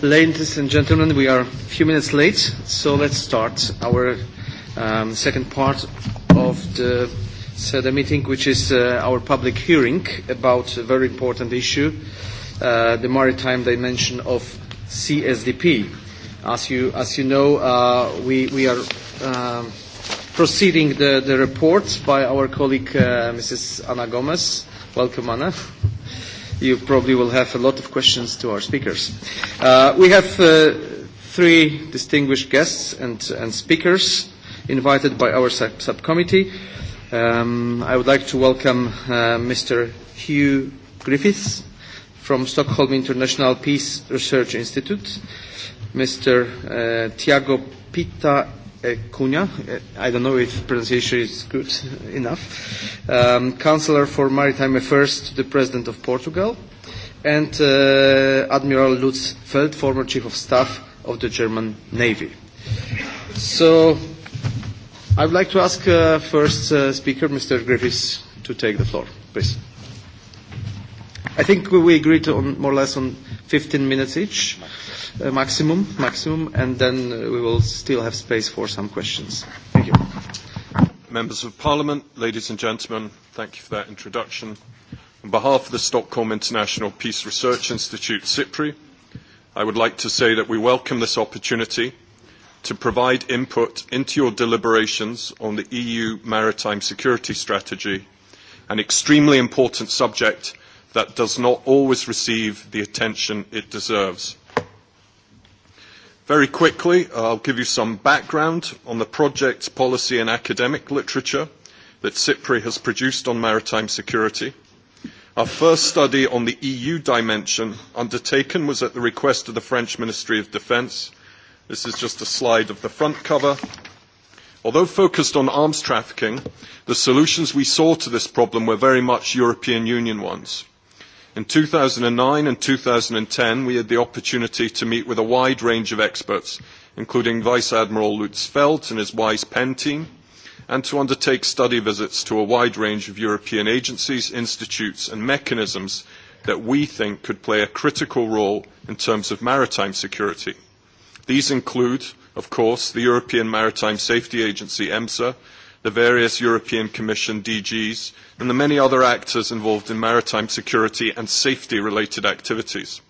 Ladies and gentlemen, we are a few minutes late, so let's start our um, second part of the SEDA meeting, which is uh, our public hearing about a very important issue, uh, the maritime dimension of CSDP. As you, as you know, uh, we, we are uh, proceeding the, the report by our colleague uh, Mrs. Ana Gomez. Welcome, Ana. You probably will have a lot of questions to our speakers. Uh, we have uh, three distinguished guests and, and speakers invited by our sub- subcommittee. Um, I would like to welcome uh, Mr. Hugh Griffiths from Stockholm International Peace Research Institute, Mr. Uh, Tiago Pita Uh, Cunha. Uh, I don't know if pronunciation is good enough. Um, Councillor for Maritime Affairs to the President of Portugal. And uh, Admiral Lutz Feld, former Chief of Staff of the German Navy. So I would like to ask uh, first uh, speaker, Mr. Griffiths, to take the floor, please. I think we agreed on more or less on 15 minutes each. Uh, maximum, maximum, and then uh, we will still have space for some questions. Thank you. Members of Parliament, ladies and gentlemen, thank you for that introduction. On behalf of the Stockholm International Peace Research Institute, CIPRI, I would like to say that we welcome this opportunity to provide input into your deliberations on the EU maritime security strategy, an extremely important subject that does not always receive the attention it deserves. Very quickly, I'll give you some background on the projects, policy and academic literature that SIPRI has produced on maritime security. Our first study on the EU dimension undertaken was at the request of the French Ministry of Defence. This is just a slide of the front cover. Although focused on arms trafficking, the solutions we saw to this problem were very much European Union ones. In 2009 and 2010, we had the opportunity to meet with a wide range of experts, including Vice Admiral Lutz Felt and his WISE PEN team, and to undertake study visits to a wide range of European agencies, institutes and mechanisms that we think could play a critical role in terms of maritime security. These include, of course, the European Maritime Safety Agency, EMSA, the various European Commission DGs, and the many other actors involved in maritime security and safety related activities.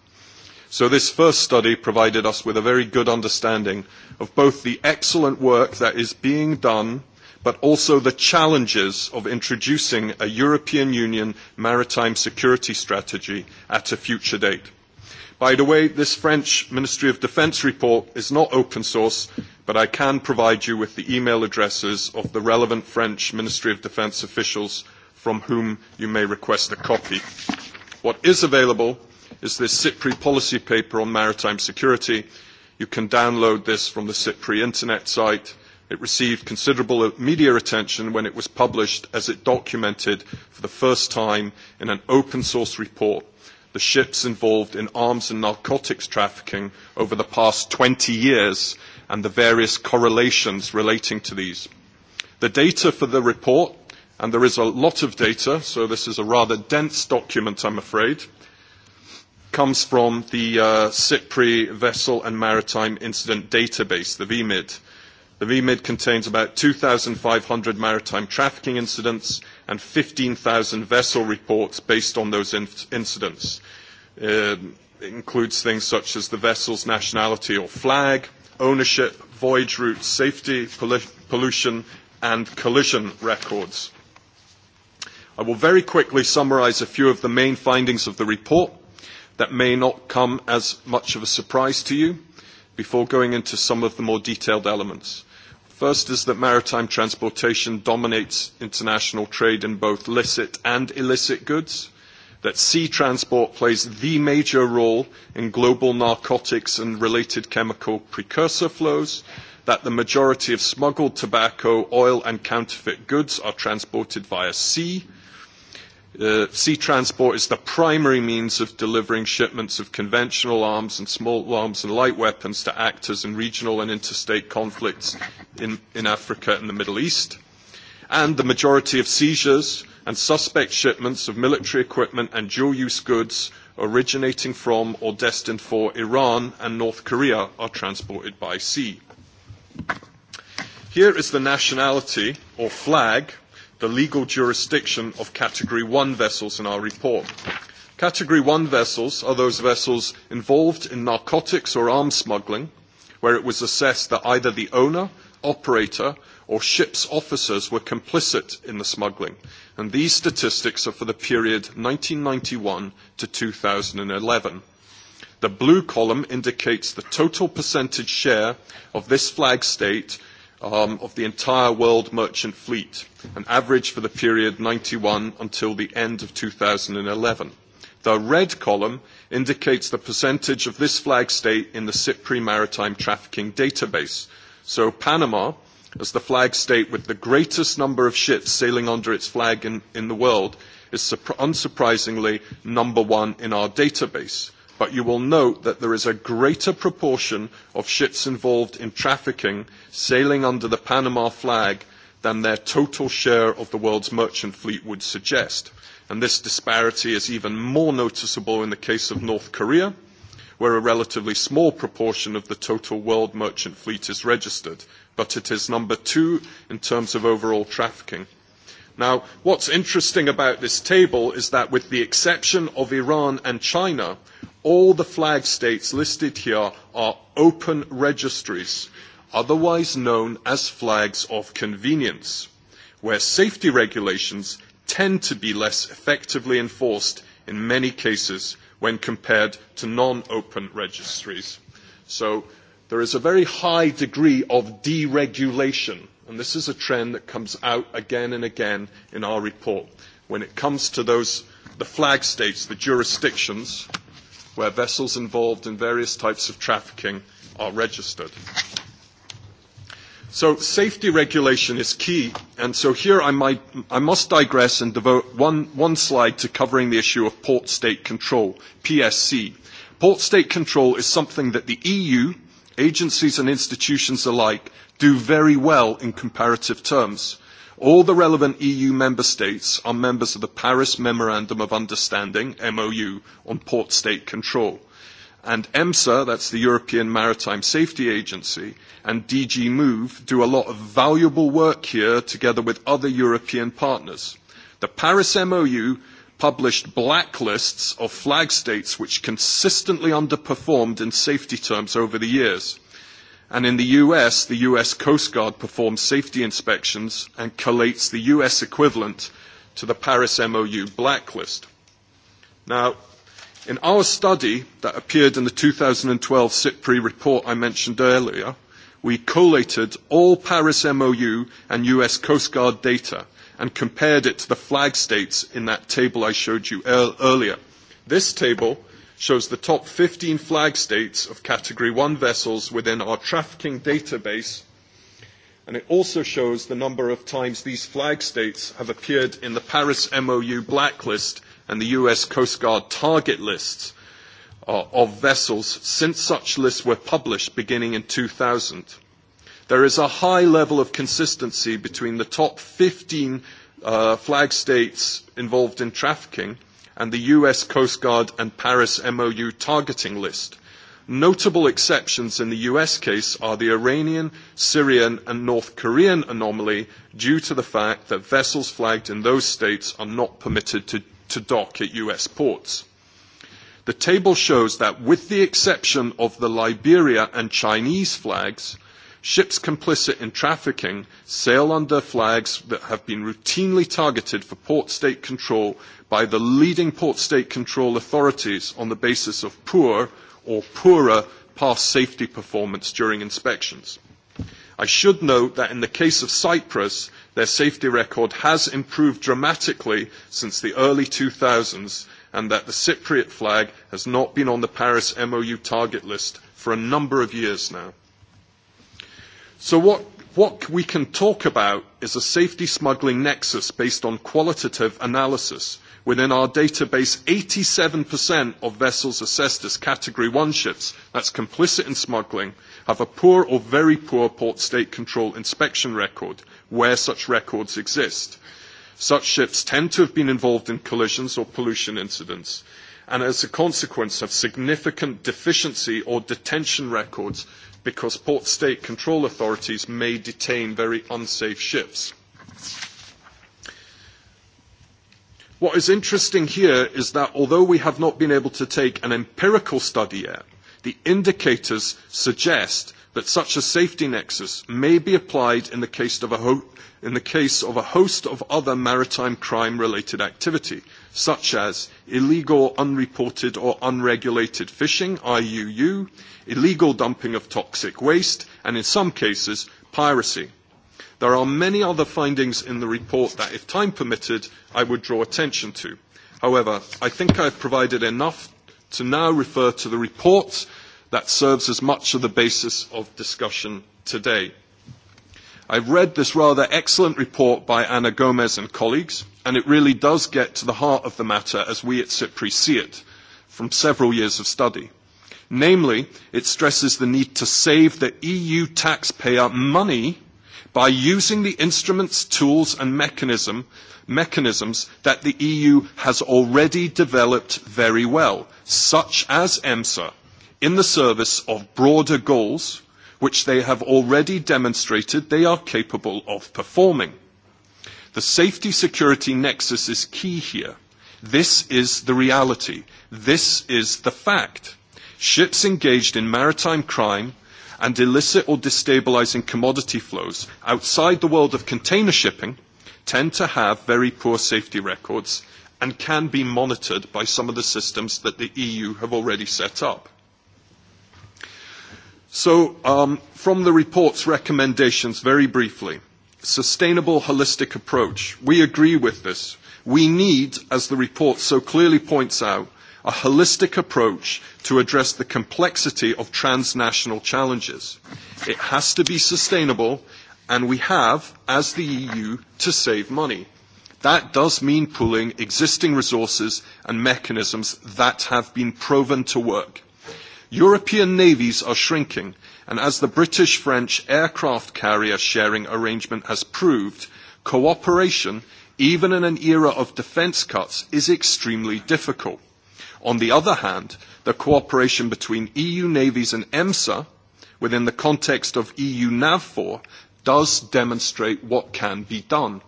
So this first study provided us with a very good understanding of both the excellent work that is being done but also the challenges of introducing a European Union maritime security strategy at a future date. By the way, this French Ministry of Defence report is not open source, but I can provide you with the email addresses of the relevant French Ministry of Defence officials from whom you may request a copy. What is available is this CIPRI policy paper on maritime security. You can download this from the CIPRI internet site. It received considerable media attention when it was published as it documented for the first time in an open source report the ships involved in arms and narcotics trafficking over the past 20 years and the various correlations relating to these. The data for the report and there is a lot of data, so this is a rather dense document, I'm afraid, comes from the uh, CIPRI Vessel and Maritime Incident Database, the VMID. The VMID contains about 2,500 maritime trafficking incidents and 15,000 vessel reports based on those incidents. Uh, um, it includes things such as the vessel's nationality or flag, ownership, voyage route, safety, pollution, and collision records. I will very quickly summarise a few of the main findings of the report that may not come as much of a surprise to you before going into some of the more detailed elements. First is that maritime transportation dominates international trade in both licit and illicit goods, that sea transport plays the major role in global narcotics and related chemical precursor flows, that the majority of smuggled tobacco, oil and counterfeit goods are transported via sea, Uh, sea transport is the primary means of delivering shipments of conventional arms and small arms and light weapons to actors in regional and interstate conflicts in, in Africa and the Middle East. And the majority of seizures and suspect shipments of military equipment and dual-use goods originating from or destined for Iran and North Korea are transported by sea. Here is the nationality or flag the legal jurisdiction of Category 1 vessels in our report. Category 1 vessels are those vessels involved in narcotics or arms smuggling, where it was assessed that either the owner, operator, or ship's officers were complicit in the smuggling, and these statistics are for the period 1991 to 2011. The blue column indicates the total percentage share of this flag state Um, of the entire world merchant fleet, an average for the period 91 until the end of 2011. The red column indicates the percentage of this flag state in the CIPRI maritime trafficking database. So Panama, as the flag state with the greatest number of ships sailing under its flag in the world, is unsurprisingly number one in our database but you will note that there is a greater proportion of ships involved in trafficking sailing under the Panama flag than their total share of the world's merchant fleet would suggest. And this disparity is even more noticeable in the case of North Korea, where a relatively small proportion of the total world merchant fleet is registered, but it is number two in terms of overall trafficking. Now, what's interesting about this table is that with the exception of Iran and China, all the flag states listed here are open registries, otherwise known as flags of convenience, where safety regulations tend to be less effectively enforced in many cases when compared to non-open registries. So there is a very high degree of deregulation, and this is a trend that comes out again and again in our report. When it comes to those, the flag states, the jurisdictions, where vessels involved in various types of trafficking are registered. So safety regulation is key, and so here I, might, I must digress and devote one, one slide to covering the issue of port state control, PSC. Port state control is something that the EU, agencies and institutions alike, do very well in comparative terms. All the relevant EU member states are members of the Paris Memorandum of Understanding, MOU, on port state control. And EMSA, that's the European Maritime Safety Agency, and DG Move do a lot of valuable work here together with other European partners. The Paris MOU published blacklists of flag states which consistently underperformed in safety terms over the years. And in the US, the US Coast Guard performs safety inspections and collates the US equivalent to the Paris MOU blacklist. Now, in our study that appeared in the 2012 CIPRI report I mentioned earlier, we collated all Paris MOU and US Coast Guard data and compared it to the flag states in that table I showed you earlier. This table shows the top 15 flag states of Category 1 vessels within our trafficking database, and it also shows the number of times these flag states have appeared in the Paris MOU blacklist and the US Coast Guard target lists uh, of vessels since such lists were published beginning in 2000. There is a high level of consistency between the top 15 uh, flag states involved in trafficking – and the US Coast Guard and Paris MOU targeting list. Notable exceptions in the US case are the Iranian, Syrian, and North Korean anomaly due to the fact that vessels flagged in those states are not permitted to, to dock at US ports. The table shows that with the exception of the Liberia and Chinese flags, ships complicit in trafficking sail under flags that have been routinely targeted for port state control by the leading port state control authorities on the basis of poor or poorer past safety performance during inspections. I should note that in the case of Cyprus, their safety record has improved dramatically since the early 2000s and that the Cypriot flag has not been on the Paris MOU target list for a number of years now. So what, what we can talk about is a safety smuggling nexus based on qualitative analysis Within our database, 87% of vessels assessed as Category 1 ships, that's complicit in smuggling, have a poor or very poor port state control inspection record, where such records exist. Such ships tend to have been involved in collisions or pollution incidents, and as a consequence have significant deficiency or detention records because port state control authorities may detain very unsafe ships. What is interesting here is that although we have not been able to take an empirical study yet, the indicators suggest that such a safety nexus may be applied in the case of a, ho- in the case of a host of other maritime crime related activity, such as illegal, unreported, or unregulated fishing, IUU, illegal dumping of toxic waste, and in some cases, piracy. There are many other findings in the report that, if time permitted, I would draw attention to. However, I think I have provided enough to now refer to the report that serves as much of the basis of discussion today. I've read this rather excellent report by Ana Gomez and colleagues, and it really does get to the heart of the matter as we at CIPRI see it from several years of study. Namely, it stresses the need to save the EU taxpayer money by using the instruments, tools and mechanism, mechanisms that the EU has already developed very well, such as EMSA, in the service of broader goals, which they have already demonstrated they are capable of performing. The safety security nexus is key here. This is the reality. This is the fact. Ships engaged in maritime crime and illicit or destabilising commodity flows outside the world of container shipping tend to have very poor safety records and can be monitored by some of the systems that the EU have already set up. So, um, from the report's recommendations, very briefly, sustainable holistic approach. We agree with this. We need, as the report so clearly points out, a holistic approach to address the complexity of transnational challenges. It has to be sustainable, and we have, as the EU, to save money. That does mean pooling existing resources and mechanisms that have been proven to work. European navies are shrinking, and as the British French aircraft carrier sharing arrangement has proved, cooperation, even in an era of defence cuts, is extremely difficult. On the other hand, the cooperation between EU navies and EMSA within the context of EU NAVFOR does demonstrate what can be done.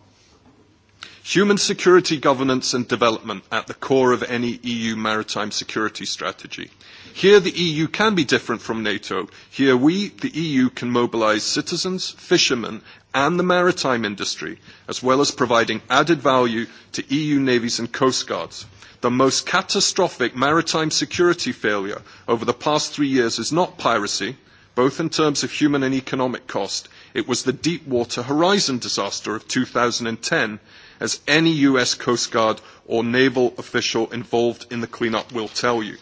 Human security governance and development at the core of any EU maritime security strategy. Here the EU can be different from NATO. Here we, the EU, can mobilise citizens, fishermen and the maritime industry, as well as providing added value to EU navies and coastguards the most catastrophic maritime security failure over the past three years is not piracy, both in terms of human and economic cost. It was the Deepwater Horizon disaster of 2010, as any US Coast Guard or naval official involved in the cleanup will tell you.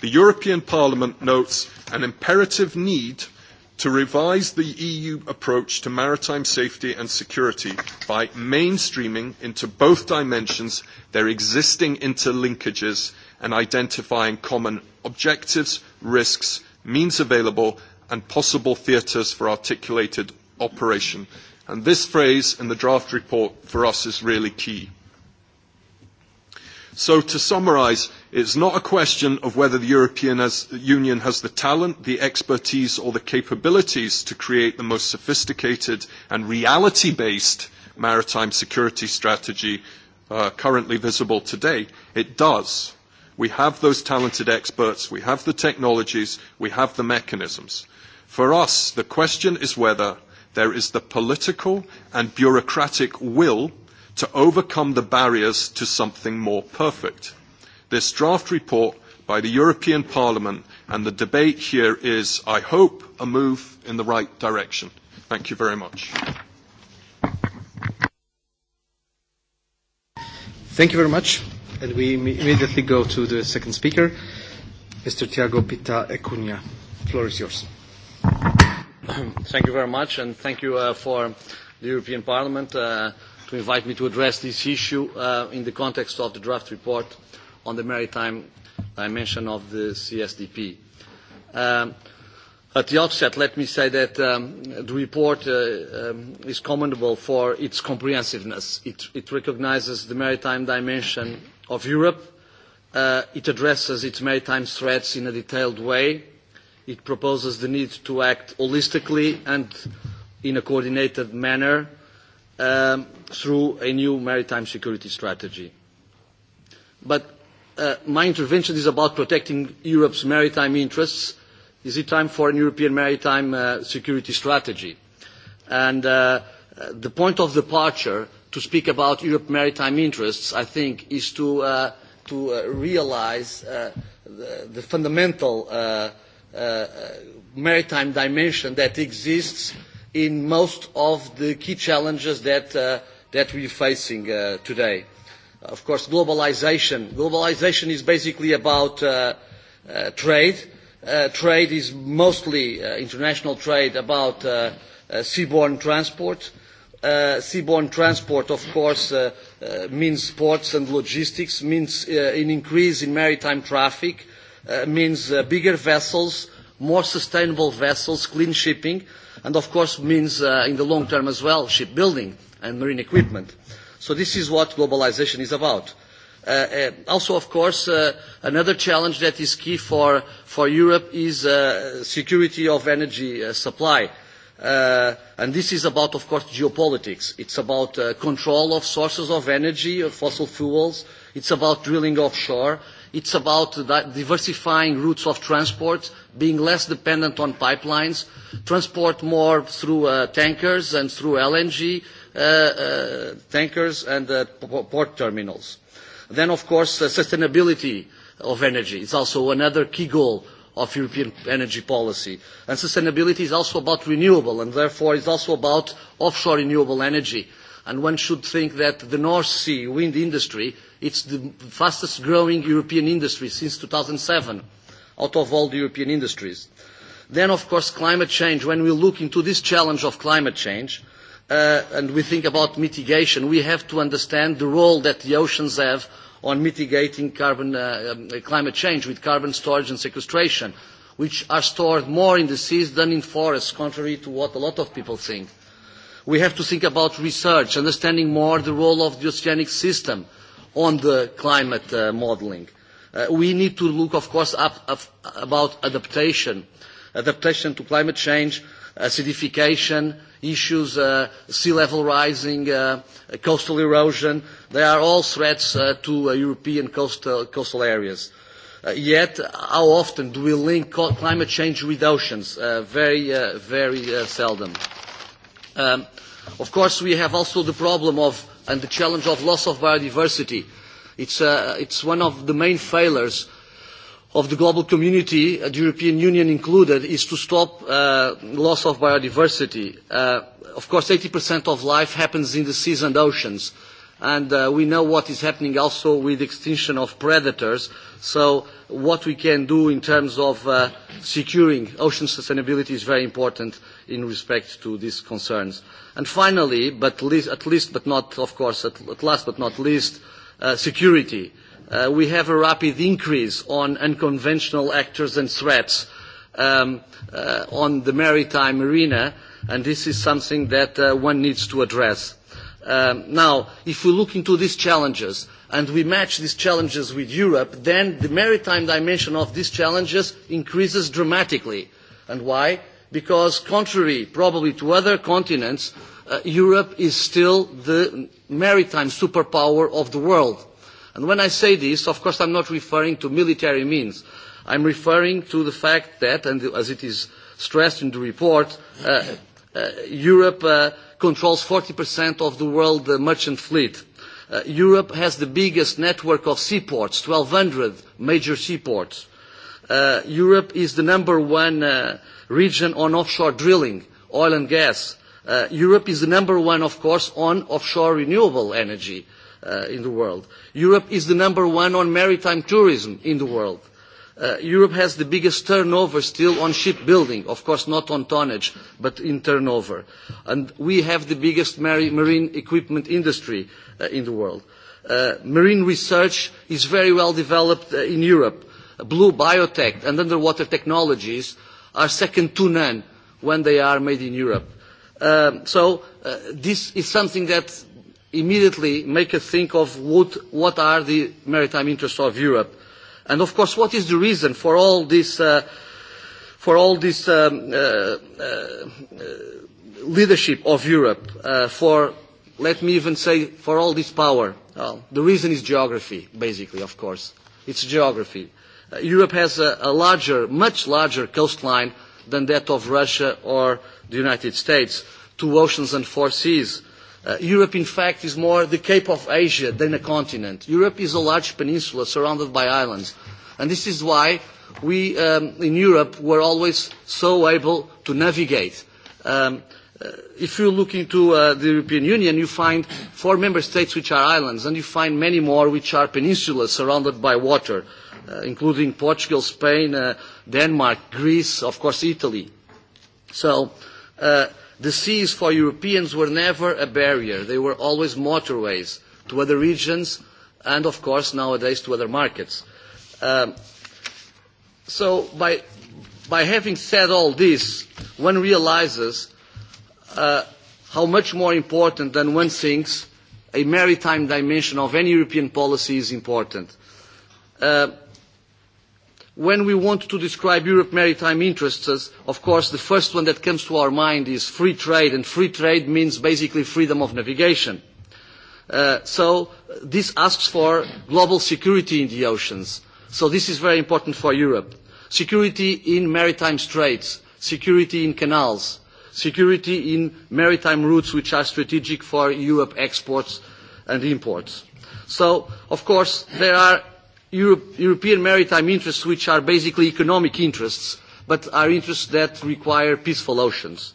The European Parliament notes an imperative need to revise the EU approach to maritime safety and security by mainstreaming into both dimensions their existing interlinkages and identifying common objectives, risks, means available, and possible theatres for articulated operation. And this phrase in the draft report for us is really key. So to summarise, It's not a question of whether the European has, Union has the talent, the expertise or the capabilities to create the most sophisticated and reality-based maritime security strategy uh, currently visible today. It does. We have those talented experts, we have the technologies, we have the mechanisms. For us, the question is whether there is the political and bureaucratic will to overcome the barriers to something more perfect. This draft report by the European Parliament and the debate here is, I hope, a move in the right direction. Thank you very much. Thank you very much. And we immediately go to the second speaker, Mr. Tiago Pita Ecunia. The floor is yours. Thank you very much, and thank you uh, for the European Parliament uh, to invite me to address this issue uh, in the context of the draft report on the maritime dimension of the CSDP. Um, at the outset, let me say that um, the report uh, um, is commendable for its comprehensiveness. It, it recognizes the maritime dimension of Europe. Uh, it addresses its maritime threats in a detailed way. It proposes the need to act holistically and in a coordinated manner um, through a new maritime security strategy. But Uh, my intervention is about protecting Europe's maritime interests. Is it time for a European maritime uh, security strategy? And uh, the point of departure to speak about Europe's maritime interests, I think, is to, uh, to uh, realize uh, the, the fundamental uh, uh, maritime dimension that exists in most of the key challenges that, uh, that we're facing uh, today. Of course, globalization. Globalization is basically about uh, uh, trade. Uh, trade is mostly uh, international trade about uh, uh, seaborne transport. Uh, seaborne transport, of course, uh, uh, means ports and logistics, means uh, an increase in maritime traffic, uh, means uh, bigger vessels, more sustainable vessels, clean shipping, and of course means uh, in the long term as well shipbuilding and marine equipment. Uh, So this is what globalization is about. Uh, uh, also, of course, uh, another challenge that is key for, for Europe is uh, security of energy uh, supply. Uh, and this is about, of course, geopolitics. It's about uh, control of sources of energy, of fossil fuels. It's about drilling offshore. It's about diversifying routes of transport, being less dependent on pipelines, transport more through uh, tankers and through LNG, Uh, uh, tankers and uh, port terminals. Then, of course, sustainability of energy is also another key goal of European energy policy. And sustainability is also about renewable, and therefore is also about offshore renewable energy. And one should think that the North Sea wind industry, it's the fastest growing European industry since 2007, out of all the European industries. Then, of course, climate change. When we look into this challenge of climate change, uh, uh, and we think about mitigation, we have to understand the role that the oceans have on mitigating carbon, uh, um, climate change with carbon storage and sequestration, which are stored more in the seas than in forests, contrary to what a lot of people think. We have to think about research, understanding more the role of the oceanic system on the climate uh, modeling. Uh, we need to look, of course, up, up, about adaptation, adaptation to climate change, Uh, acidification issues, uh, sea level rising, uh, coastal erosion. They are all threats uh, to uh, European coastal, coastal areas. Uh, yet, how often do we link climate change with oceans? Uh, very, uh, very uh, seldom. Um, of course, we have also the problem of and the challenge of loss of biodiversity. It's, uh, it's one of the main failures of the global community, uh, the European Union included, is to stop uh, loss of biodiversity. Uh, of course, 80% of life happens in the seas and oceans, and uh, we know what is happening also with extinction of predators. So what we can do in terms of uh, securing ocean sustainability is very important in respect to these concerns. And finally, but least, at least but not, of course, at, at last but not least, uh, security Uh, we have a rapid increase on unconventional actors and threats um, uh, on the maritime arena, and this is something that uh, one needs to address. Um, now, if we look into these challenges and we match these challenges with Europe, then the maritime dimension of these challenges increases dramatically. And why? Because contrary probably to other continents, uh, Europe is still the maritime superpower of the world And when I say this, of course, I'm not referring to military means. I'm referring to the fact that, and as it is stressed in the report, uh, uh, Europe uh, controls 40% of the world uh, merchant fleet. Uh, Europe has the biggest network of seaports, 1,200 major seaports. Uh, Europe is the number one uh, region on offshore drilling, oil and gas. Uh, Europe is the number one, of course, on offshore renewable energy. Uh, uh, in the world. Europe is the number one on maritime tourism in the world. Uh, Europe has the biggest turnover still on shipbuilding, of course not on tonnage, but in turnover. And we have the biggest marine equipment industry uh, in the world. Uh, marine research is very well developed uh, in Europe. Blue biotech and underwater technologies are second to none when they are made in Europe. Um, so uh, this is something that immediately make us think of what, what are the maritime interests of Europe. And of course, what is the reason for all this, uh, for all this um, uh, uh, uh, leadership of Europe, uh, for, let me even say, for all this power? Well, the reason is geography, basically, of course. It's geography. Uh, Europe has a, a larger, much larger coastline than that of Russia or the United States, two oceans and four seas Uh, Europe, in fact, is more the Cape of Asia than a continent. Europe is a large peninsula surrounded by islands. And this is why we um, in Europe were always so able to navigate. Um, uh, if you look into uh, the European Union, you find four member states which are islands, and you find many more which are peninsulas surrounded by water, uh, including Portugal, Spain, uh, Denmark, Greece, of course, Italy. So uh, The seas for Europeans were never a barrier. They were always motorways to other regions and, of course, nowadays to other markets. Um, so by, by having said all this, one realizes uh, how much more important than one thinks a maritime dimension of any European policy is important. Uh, when we want to describe Europe's maritime interests, of course, the first one that comes to our mind is free trade, and free trade means basically freedom of navigation. Uh, so this asks for global security in the oceans. So this is very important for Europe. Security in maritime straits, security in canals, security in maritime routes which are strategic for Europe exports and imports. So, of course, there are Europe, European maritime interests which are basically economic interests, but are interests that require peaceful oceans.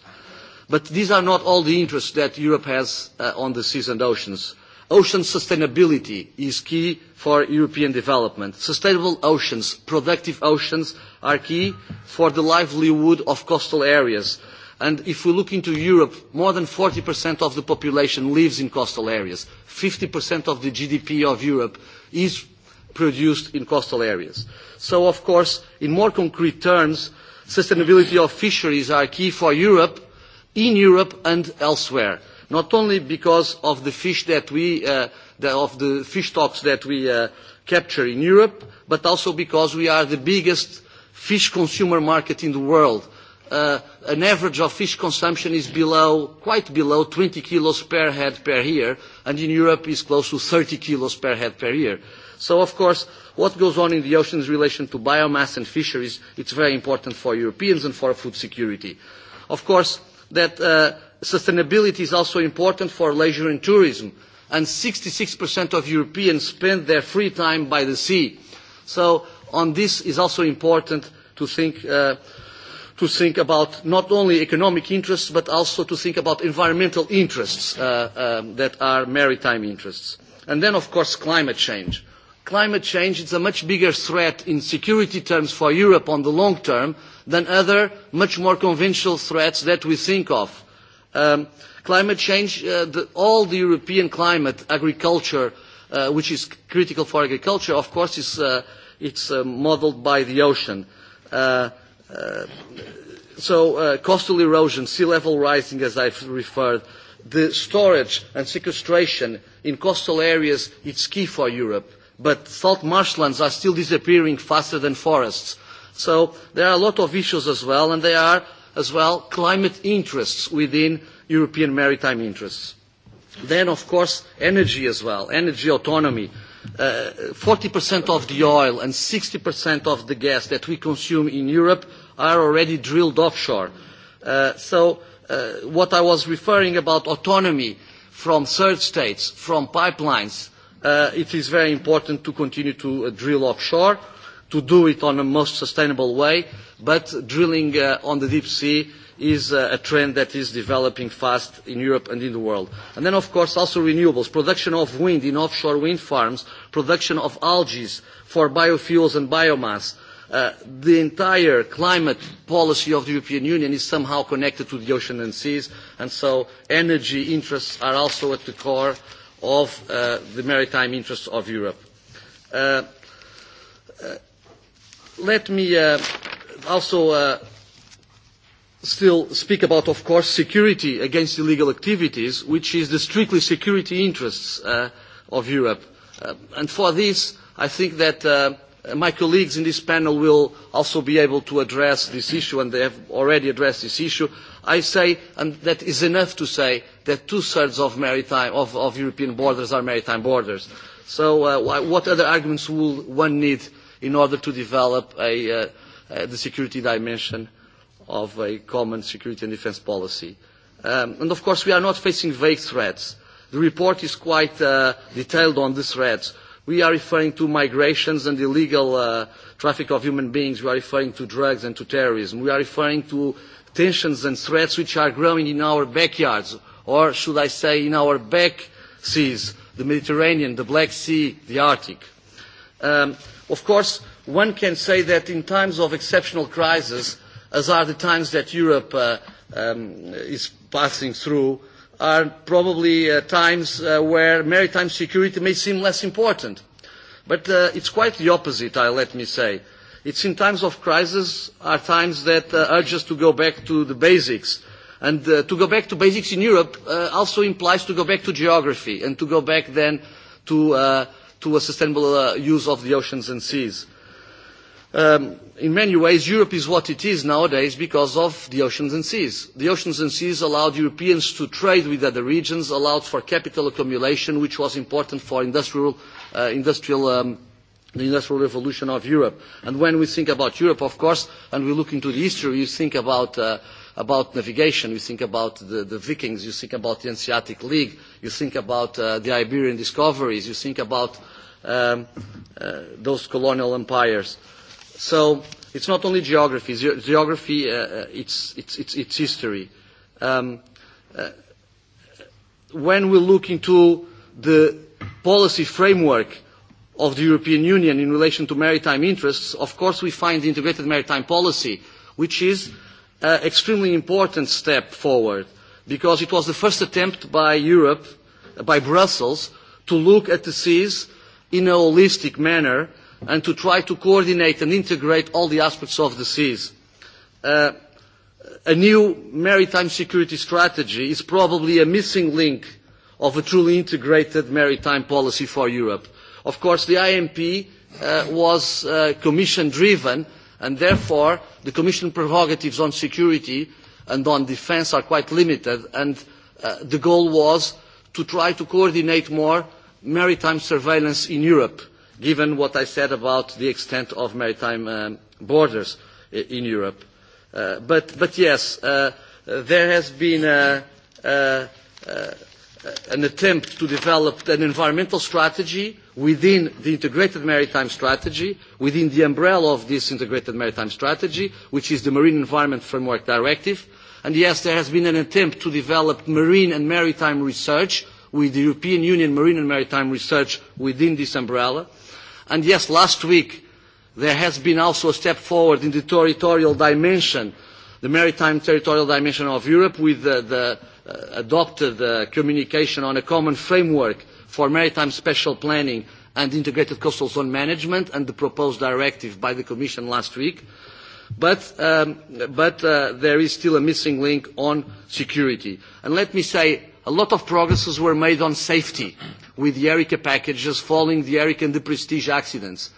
But these are not all the interests that Europe has uh, on the seas and oceans. Ocean sustainability is key for European development. Sustainable oceans, productive oceans are key for the livelihood of coastal areas. And if we look into Europe, more than 40% of the population lives in coastal areas. 50% of the GDP of Europe is produced in coastal areas. So, of course, in more concrete terms, sustainability of fisheries are key for Europe, in Europe and elsewhere, not only because of the fish that we, uh, the, of the fish stocks that we uh, capture in Europe, but also because we are the biggest fish consumer market in the world. Uh, an average of fish consumption is below, quite below 20 kilos per head per year, and in Europe is close to 30 kilos per head per year. So, of course, what goes on in the oceans in relation to biomass and fisheries, it's very important for Europeans and for food security. Of course, that uh, sustainability is also important for leisure and tourism, and 66% of Europeans spend their free time by the sea. So on this is also important to think, uh, to think about not only economic interests, but also to think about environmental interests uh, um, that are maritime interests. And then, of course, climate change Uh, climate change is a much bigger threat in security terms for Europe on the long term than other much more conventional threats that we think of. Um, climate change, uh, the, all the European climate, agriculture, uh, which is critical for agriculture, of course, is uh, it's uh, modeled by the ocean. Uh, uh, so uh, coastal erosion, sea level rising, as I've referred, the storage and sequestration in coastal areas, it's key for Europe but salt marshlands are still disappearing faster than forests. So there are a lot of issues as well, and there are as well climate interests within European maritime interests. Then, of course, energy as well, energy autonomy. Uh, 40% of the oil and 60% of the gas that we consume in Europe are already drilled offshore. Uh, so uh, what I was referring about autonomy from third states, from pipelines, Uh, it is very important to continue to uh, drill offshore, to do it on a most sustainable way, but drilling uh, on the deep sea is uh, a trend that is developing fast in Europe and in the world. And then, of course, also renewables, production of wind in offshore wind farms, production of algae for biofuels and biomass. Uh, the entire climate policy of the European Union is somehow connected to the ocean and seas, and so energy interests are also at the core of uh, the maritime interests of Europe. Uh, uh, let me uh, also uh, still speak about, of course, security against illegal activities, which is the strictly security interests uh, of Europe. Uh, and for this, I think that uh, my colleagues in this panel will also be able to address this issue, and they have already addressed this issue. I say, and that is enough to say, that two-thirds of, of, of European borders are maritime borders. So uh, what other arguments will one need in order to develop a, uh, uh, the security dimension of a common security and defence policy? Um, and of course, we are not facing vague threats. The report is quite uh, detailed on these threats. We are referring to migrations and illegal uh, traffic of human beings. We are referring to drugs and to terrorism. We are referring to tensions and threats which are growing in our backyards, or should I say in our back seas, the Mediterranean, the Black Sea, the Arctic. Um, of course, one can say that in times of exceptional crisis, as are the times that Europe uh, um, is passing through, are probably uh, times uh, where maritime security may seem less important. But uh, it's quite the opposite, I let me say. It's in times of crisis are times that uh, urge us to go back to the basics. And uh, to go back to basics in Europe uh, also implies to go back to geography and to go back then to, uh, to a sustainable uh, use of the oceans and seas. Um, in many ways, Europe is what it is nowadays because of the oceans and seas. The oceans and seas allowed Europeans to trade with other regions, allowed for capital accumulation, which was important for industrial, uh, industrial um, the industrial revolution of Europe. And when we think about Europe, of course, and we look into the history, you think about, uh, about navigation, you think about the, the Vikings, you think about the Hanseatic League, you think about uh, the Iberian discoveries, you think about um, uh, those colonial empires. So it's not only geography. Ge geography, uh, uh it's, it's, it's, it's history. Um, uh, when we look into the policy framework of the European Union in relation to maritime interests, of course we find the integrated maritime policy, which is an extremely important step forward because it was the first attempt by Europe, by Brussels, to look at the seas in a holistic manner and to try to coordinate and integrate all the aspects of the seas. Uh, a new maritime security strategy is probably a missing link of a truly integrated maritime policy for Europe. Of course, the IMP uh, was uh, commission-driven, and therefore the Commission prerogatives on security and on defence are quite limited, and uh, the goal was to try to coordinate more maritime surveillance in Europe, given what I said about the extent of maritime um, borders in Europe. Uh, but, but yes, uh, uh there has been a, a, a an attempt to develop an environmental strategy within the integrated maritime strategy, within the umbrella of this integrated maritime strategy, which is the Marine Environment Framework Directive. And yes, there has been an attempt to develop marine and maritime research with the European Union Marine and Maritime Research within this umbrella. And yes, last week there has been also a step forward in the territorial dimension the maritime territorial dimension of Europe with uh, the, the uh, adopted uh, communication on a common framework for maritime special planning and integrated coastal zone management and the proposed directive by the Commission last week. But, um, but uh, there is still a missing link on security. And let me say, a lot of progresses were made on safety with the ERICA packages following the ERICA and the Prestige accidents.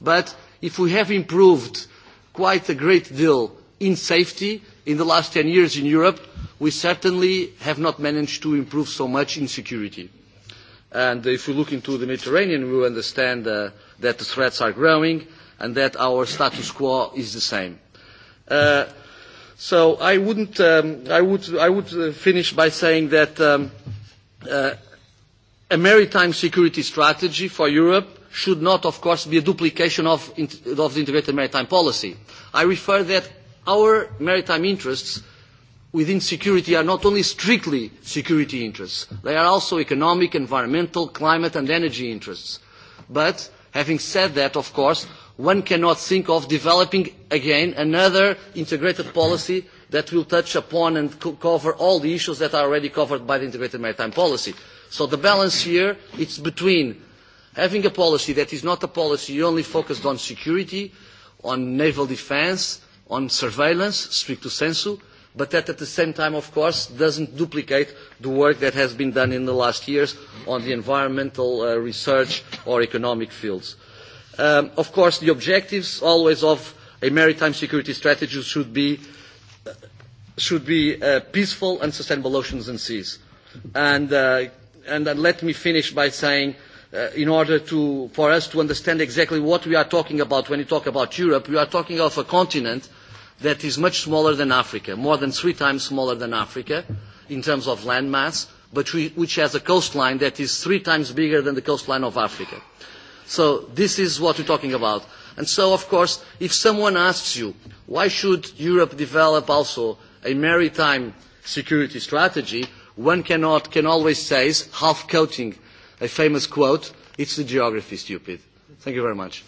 But if we have improved quite a great deal in safety in the last 10 years in Europe, we certainly have not managed to improve so much in security. And if we look into the Mediterranean, we will understand uh, that the threats are growing and that our status quo is the same. Uh, so I wouldn't. Um, I would. I would uh, finish by saying that um, uh, a maritime security strategy for Europe should not, of course, be a duplication of, of the integrated maritime policy. I refer that our maritime interests within security are not only strictly security interests, they are also economic, environmental, climate and energy interests. But having said that, of course, one cannot think of developing again another integrated policy that will touch upon and co cover all the issues that are already covered by the integrated maritime policy. So the balance here is between having a policy that is not a policy only focused on security, on naval defence, on surveillance, stricto sensu, but that at the same time, of course, doesn't duplicate the work that has been done in the last years on the environmental uh, research or economic fields. Um, of course, the objectives always of a maritime security strategy should be, uh, should be uh, peaceful and sustainable oceans and seas. And, uh, and uh, let me finish by saying, uh, in order to, for us to understand exactly what we are talking about when we talk about Europe, we are talking of a continent that is much smaller than Africa, more than three times smaller than Africa in terms of land mass, but which has a coastline that is three times bigger than the coastline of Africa. So this is what we're talking about. And so, of course, if someone asks you, why should Europe develop also a maritime security strategy, one cannot, can always say, half-coating a famous quote, it's the geography, stupid. Thank you very much.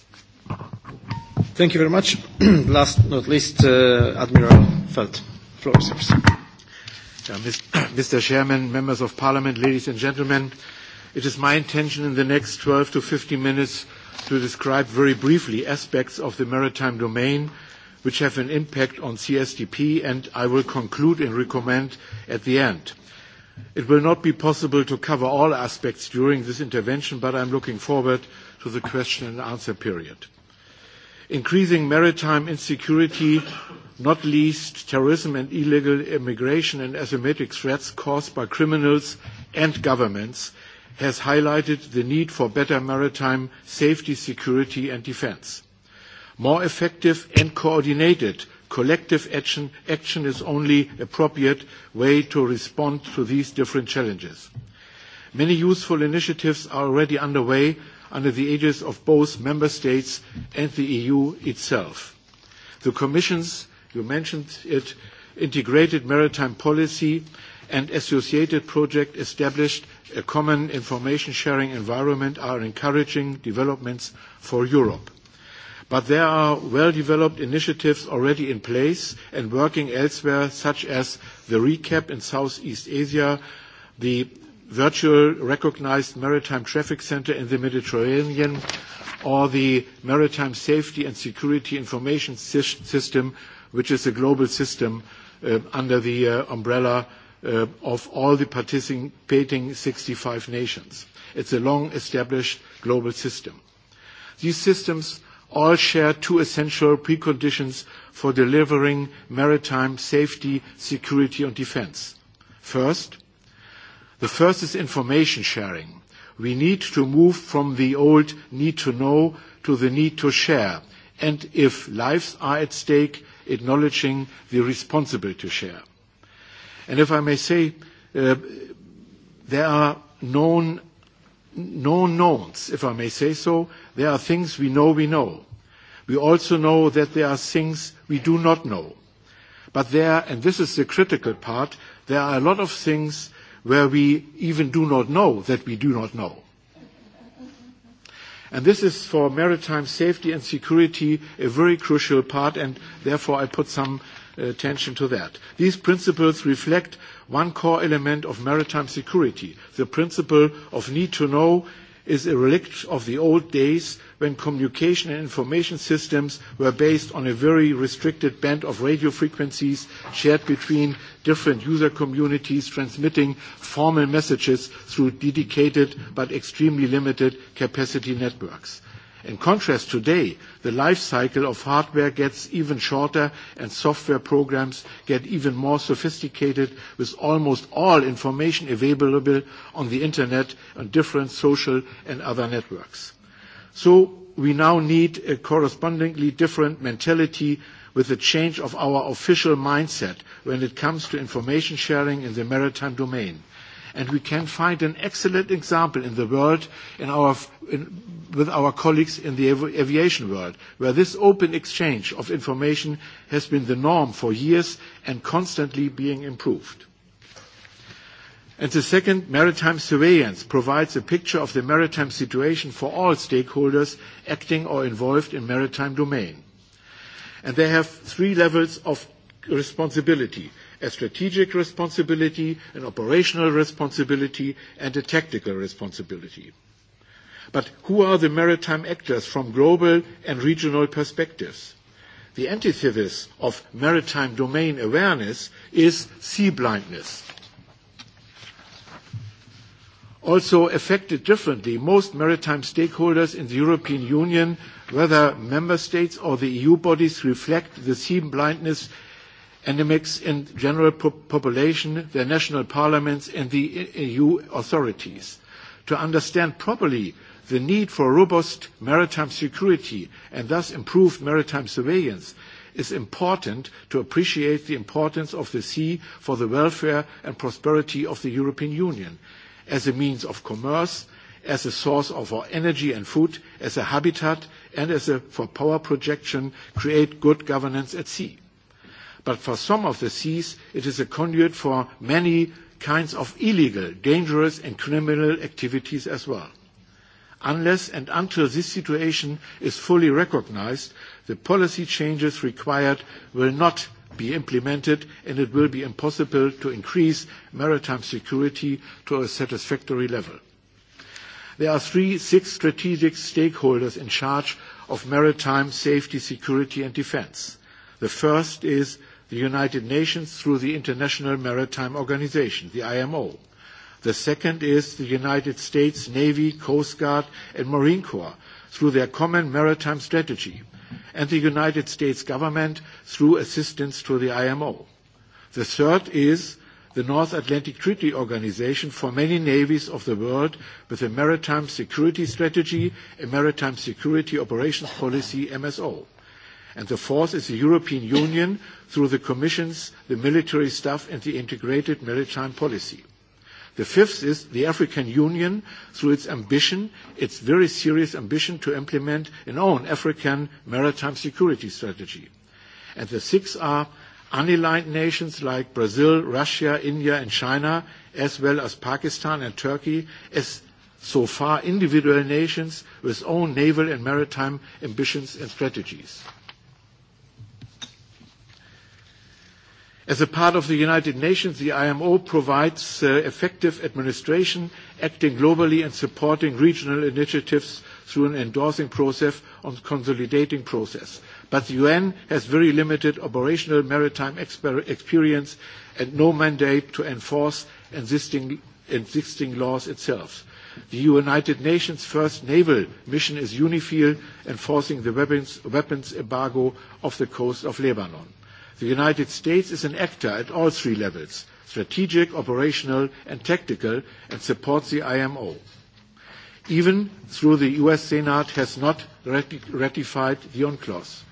Thank you very much. Last but not least, uh, Admiral Felt, Floor is yours. Yeah, Mr. Chairman, members of parliament, ladies and gentlemen, it is my intention in the next 12 to 15 minutes to describe very briefly aspects of the maritime domain which have an impact on CSDP, and I will conclude and recommend at the end. It will not be possible to cover all aspects during this intervention, but I'm looking forward to the question and answer period increasing maritime insecurity, not least terrorism and illegal immigration and asymmetric threats caused by criminals and governments, has highlighted the need for better maritime safety, security and defence. More effective and coordinated collective action, action is only appropriate way to respond to these different challenges. Many useful initiatives are already underway under the aegis of both member states and the EU itself. The Commission's, you mentioned it, integrated maritime policy and associated project established a common information sharing environment are encouraging developments for Europe. But there are well-developed initiatives already in place and working elsewhere, such as the RECAP in Southeast Asia, the virtual recognized maritime traffic center in the Mediterranean or the maritime safety and security information system, which is a global system uh, under the uh, umbrella uh, of all the participating 65 nations. It's a long-established global system. These systems all share two essential preconditions for delivering maritime safety, security, and defense. First, The first is information sharing. We need to move from the old need to know to the need to share. And if lives are at stake, acknowledging the responsibility to share. And if I may say, uh, there are known, known knowns, if I may say so. There are things we know we know. We also know that there are things we do not know. But there, and this is the critical part, there are a lot of things where we even do not know that we do not know. And this is for maritime safety and security a very crucial part, and therefore I put some attention uh, to that. These principles reflect one core element of maritime security. The principle of need to know is a relic of the old days when communication and information systems were based on a very restricted band of radio frequencies shared between different user communities transmitting formal messages through dedicated but extremely limited capacity networks. In contrast, today, the life cycle of hardware gets even shorter and software programs get even more sophisticated with almost all information available on the internet and different social and other networks. So we now need a correspondingly different mentality with a change of our official mindset when it comes to information sharing in the maritime domain. And we can find an excellent example in the world in our, in, with our colleagues in the aviation world, where this open exchange of information has been the norm for years and constantly being improved. And the second, maritime surveillance provides a picture of the maritime situation for all stakeholders acting or involved in maritime domain. And they have three levels of responsibility, a strategic responsibility, an operational responsibility, and a tactical responsibility. But who are the maritime actors from global and regional perspectives? The antithesis of maritime domain awareness is sea blindness also affected differently most maritime stakeholders in the European Union, whether member states or the EU bodies, reflect the sea blindness endemics in general population, their national parliaments and the EU e authorities. To understand properly the need for robust maritime security and thus improved maritime surveillance, is important to appreciate the importance of the sea for the welfare and prosperity of the European Union as a means of commerce, as a source of our energy and food, as a habitat, and as a, for power projection, create good governance at sea. But for some of the seas, it is a conduit for many kinds of illegal, dangerous, and criminal activities as well. Unless and until this situation is fully recognized, the policy changes required will not be implemented, and it will be impossible to increase maritime security to a satisfactory level. There are three, six strategic stakeholders in charge of maritime safety, security, and defence. The first is the United Nations through the International Maritime Organization, the IMO. The second is the United States Navy, Coast Guard, and Marine Corps through their common maritime strategy and the United States government through assistance to the IMO. The third is the North Atlantic Treaty Organization for many navies of the world with a maritime security strategy, a maritime security operations policy, MSO. And the fourth is the European Union through the Commission's, the military staff and the integrated maritime policy. The fifth is the African Union, through its ambition, its very serious ambition to implement an own African maritime security strategy. And the sixth are unaligned nations like Brazil, Russia, India and China, as well as Pakistan and Turkey, as so far individual nations with own naval and maritime ambitions and strategies. As a part of the United Nations, the IMO provides uh, effective administration, acting globally and supporting regional initiatives through an endorsing process on consolidating process. But the UN has very limited operational maritime exper experience and no mandate to enforce existing, existing laws itself. The United Nations' first naval mission is UNIFIL, enforcing the weapons, weapons embargo off the coast of Lebanon. The United States is an actor at all three levels, strategic, operational, and tactical, and supports the IMO. Even through the US Senate has not ratified the clause.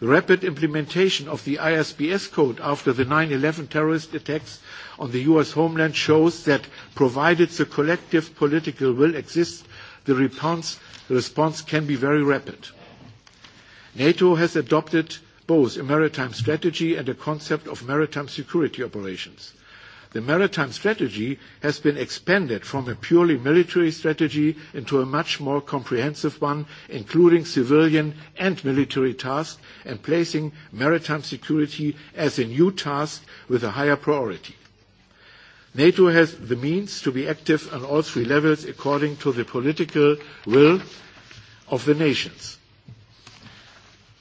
The rapid implementation of the ISBS code after the 9-11 terrorist attacks on the US homeland shows that provided the collective political will exists, the response, the response can be very rapid. NATO has adopted both a maritime strategy and a concept of maritime security operations. The maritime strategy has been expanded from a purely military strategy into a much more comprehensive one, including civilian and military tasks, and placing maritime security as a new task with a higher priority. NATO has the means to be active on all three levels according to the political will of the nations.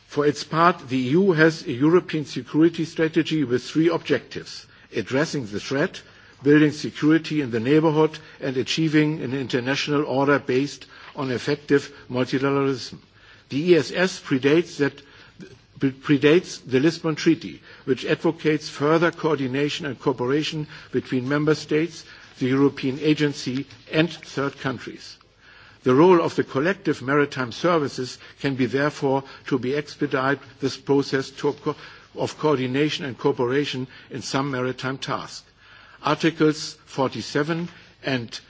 For its part, the EU has a European security strategy with three objectives addressing the threat, building security in the neighbourhood, and achieving an international order based on effective multilateralism. The ESS predates, that, predates the Lisbon Treaty, which advocates further coordination and cooperation between member states, the European agency, and third countries. The role of the collective maritime services can be therefore to be expedite this process co of coordination and cooperation in some maritime tasks. Articles 47 and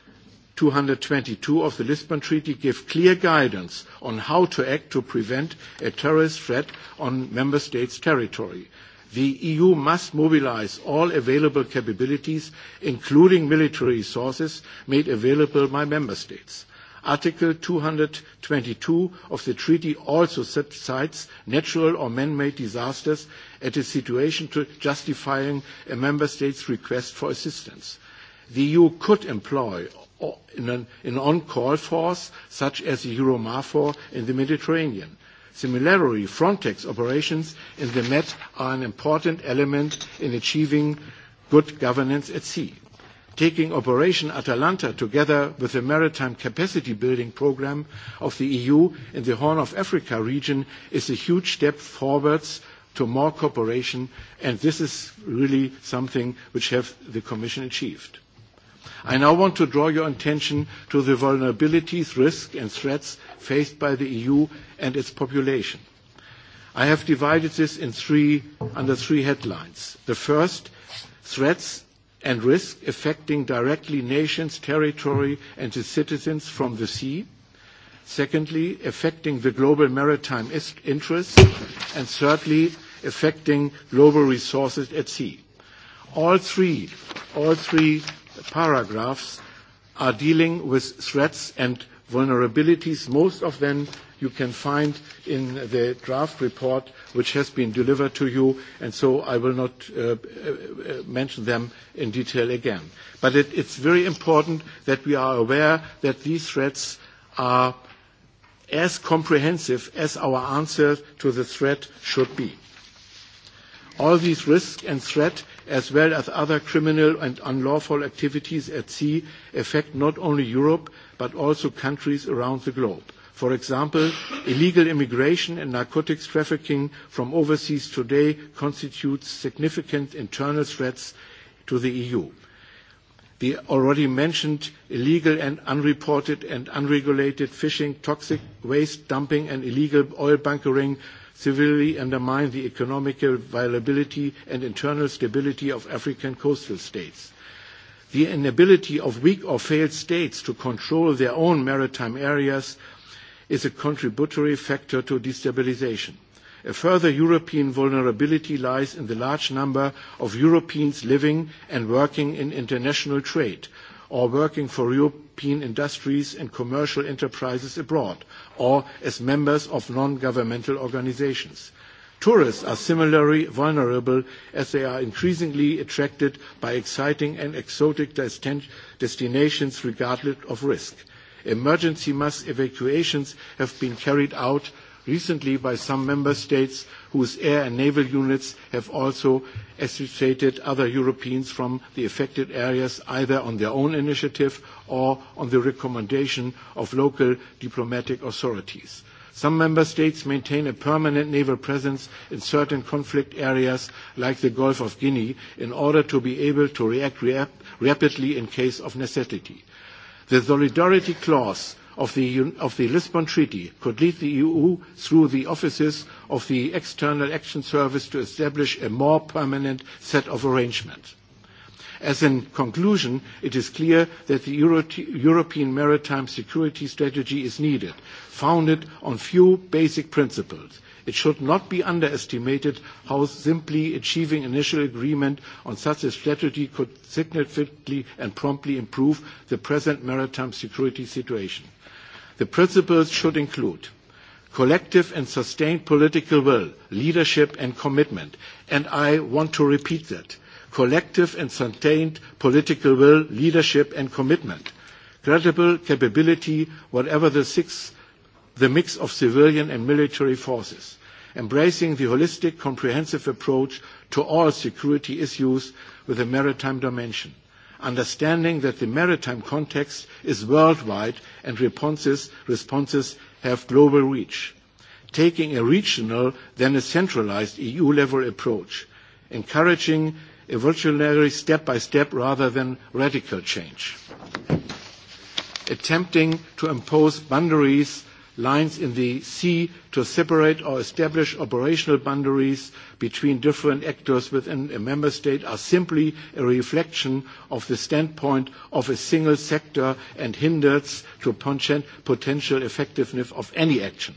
222 of the Lisbon Treaty give clear guidance on how to act to prevent a terrorist threat on member states' territory. The EU must mobilise all available capabilities, including military resources made available by member states. Article 222 of the treaty also cites natural or man-made disasters as a situation justifying a member state's request for assistance. The EU could employ an on-call force such as the EUROMAFOR in the Mediterranean. Similarly, Frontex operations in the Med are an important element in achieving good governance at sea taking Operation Atalanta together with the maritime capacity building program of the EU in the Horn of Africa region is a huge step forwards to more cooperation, and this is really something which have the Commission achieved. I now want to draw your attention to the vulnerabilities, risks, and threats faced by the EU and its population. I have divided this in three, under three headlines. The first, threats and risk affecting directly nations, territory, and the citizens from the sea. Secondly, affecting the global maritime interests. And thirdly, affecting global resources at sea. All three, all three paragraphs are dealing with threats and vulnerabilities, most of them you can find in the draft report which has been delivered to you, and so I will not uh, uh, uh, mention them in detail again. But it, it's very important that we are aware that these threats are as comprehensive as our answer to the threat should be. All these risks and threat, as well as other criminal and unlawful activities at sea, affect not only Europe, but also countries around the globe. For example, illegal immigration and narcotics trafficking from overseas today constitutes significant internal threats to the EU. The already mentioned illegal and unreported and unregulated fishing, toxic waste dumping and illegal oil bunkering severely undermine the economic viability and internal stability of African coastal states. The inability of weak or failed states to control their own maritime areas is a contributory factor to destabilization. A further European vulnerability lies in the large number of Europeans living and working in international trade or working for European industries and commercial enterprises abroad or as members of non-governmental organizations. Tourists are similarly vulnerable as they are increasingly attracted by exciting and exotic destinations regardless of risk. Emergency mass evacuations have been carried out recently by some member states whose air and naval units have also extricated other Europeans from the affected areas either on their own initiative or on the recommendation of local diplomatic authorities. Some member states maintain a permanent naval presence in certain conflict areas like the Gulf of Guinea in order to be able to react rap rapidly in case of necessity. The solidarity clause of the, of the Lisbon Treaty could lead the EU through the offices of the External Action Service to establish a more permanent set of arrangements. As in conclusion, it is clear that the Euro European maritime security strategy is needed, founded on few basic principles It should not be underestimated how simply achieving initial agreement on such a strategy could significantly and promptly improve the present maritime security situation. The principles should include collective and sustained political will, leadership and commitment. And I want to repeat that. Collective and sustained political will, leadership and commitment. Credible capability, whatever the, the mix of civilian and military forces embracing the holistic, comprehensive approach to all security issues with a maritime dimension, understanding that the maritime context is worldwide and responses, responses have global reach, taking a regional, then a centralized EU-level approach, encouraging evolutionary step-by-step -step rather than radical change, attempting to impose boundaries lines in the sea to separate or establish operational boundaries between different actors within a member state are simply a reflection of the standpoint of a single sector and hinders to potential effectiveness of any action.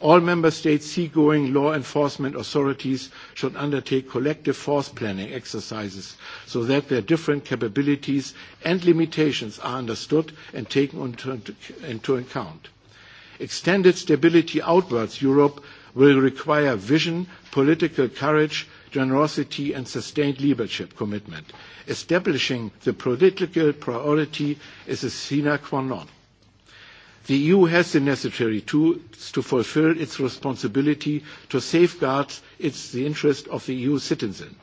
All member states seagoing law enforcement authorities should undertake collective force planning exercises so that their different capabilities and limitations are understood and taken into account. Extended stability outwards Europe will require vision, political courage, generosity and sustained leadership commitment. Establishing the political priority is a sine qua non. The EU has the necessary tools to fulfil its responsibility to safeguard its, the interest of the EU citizen.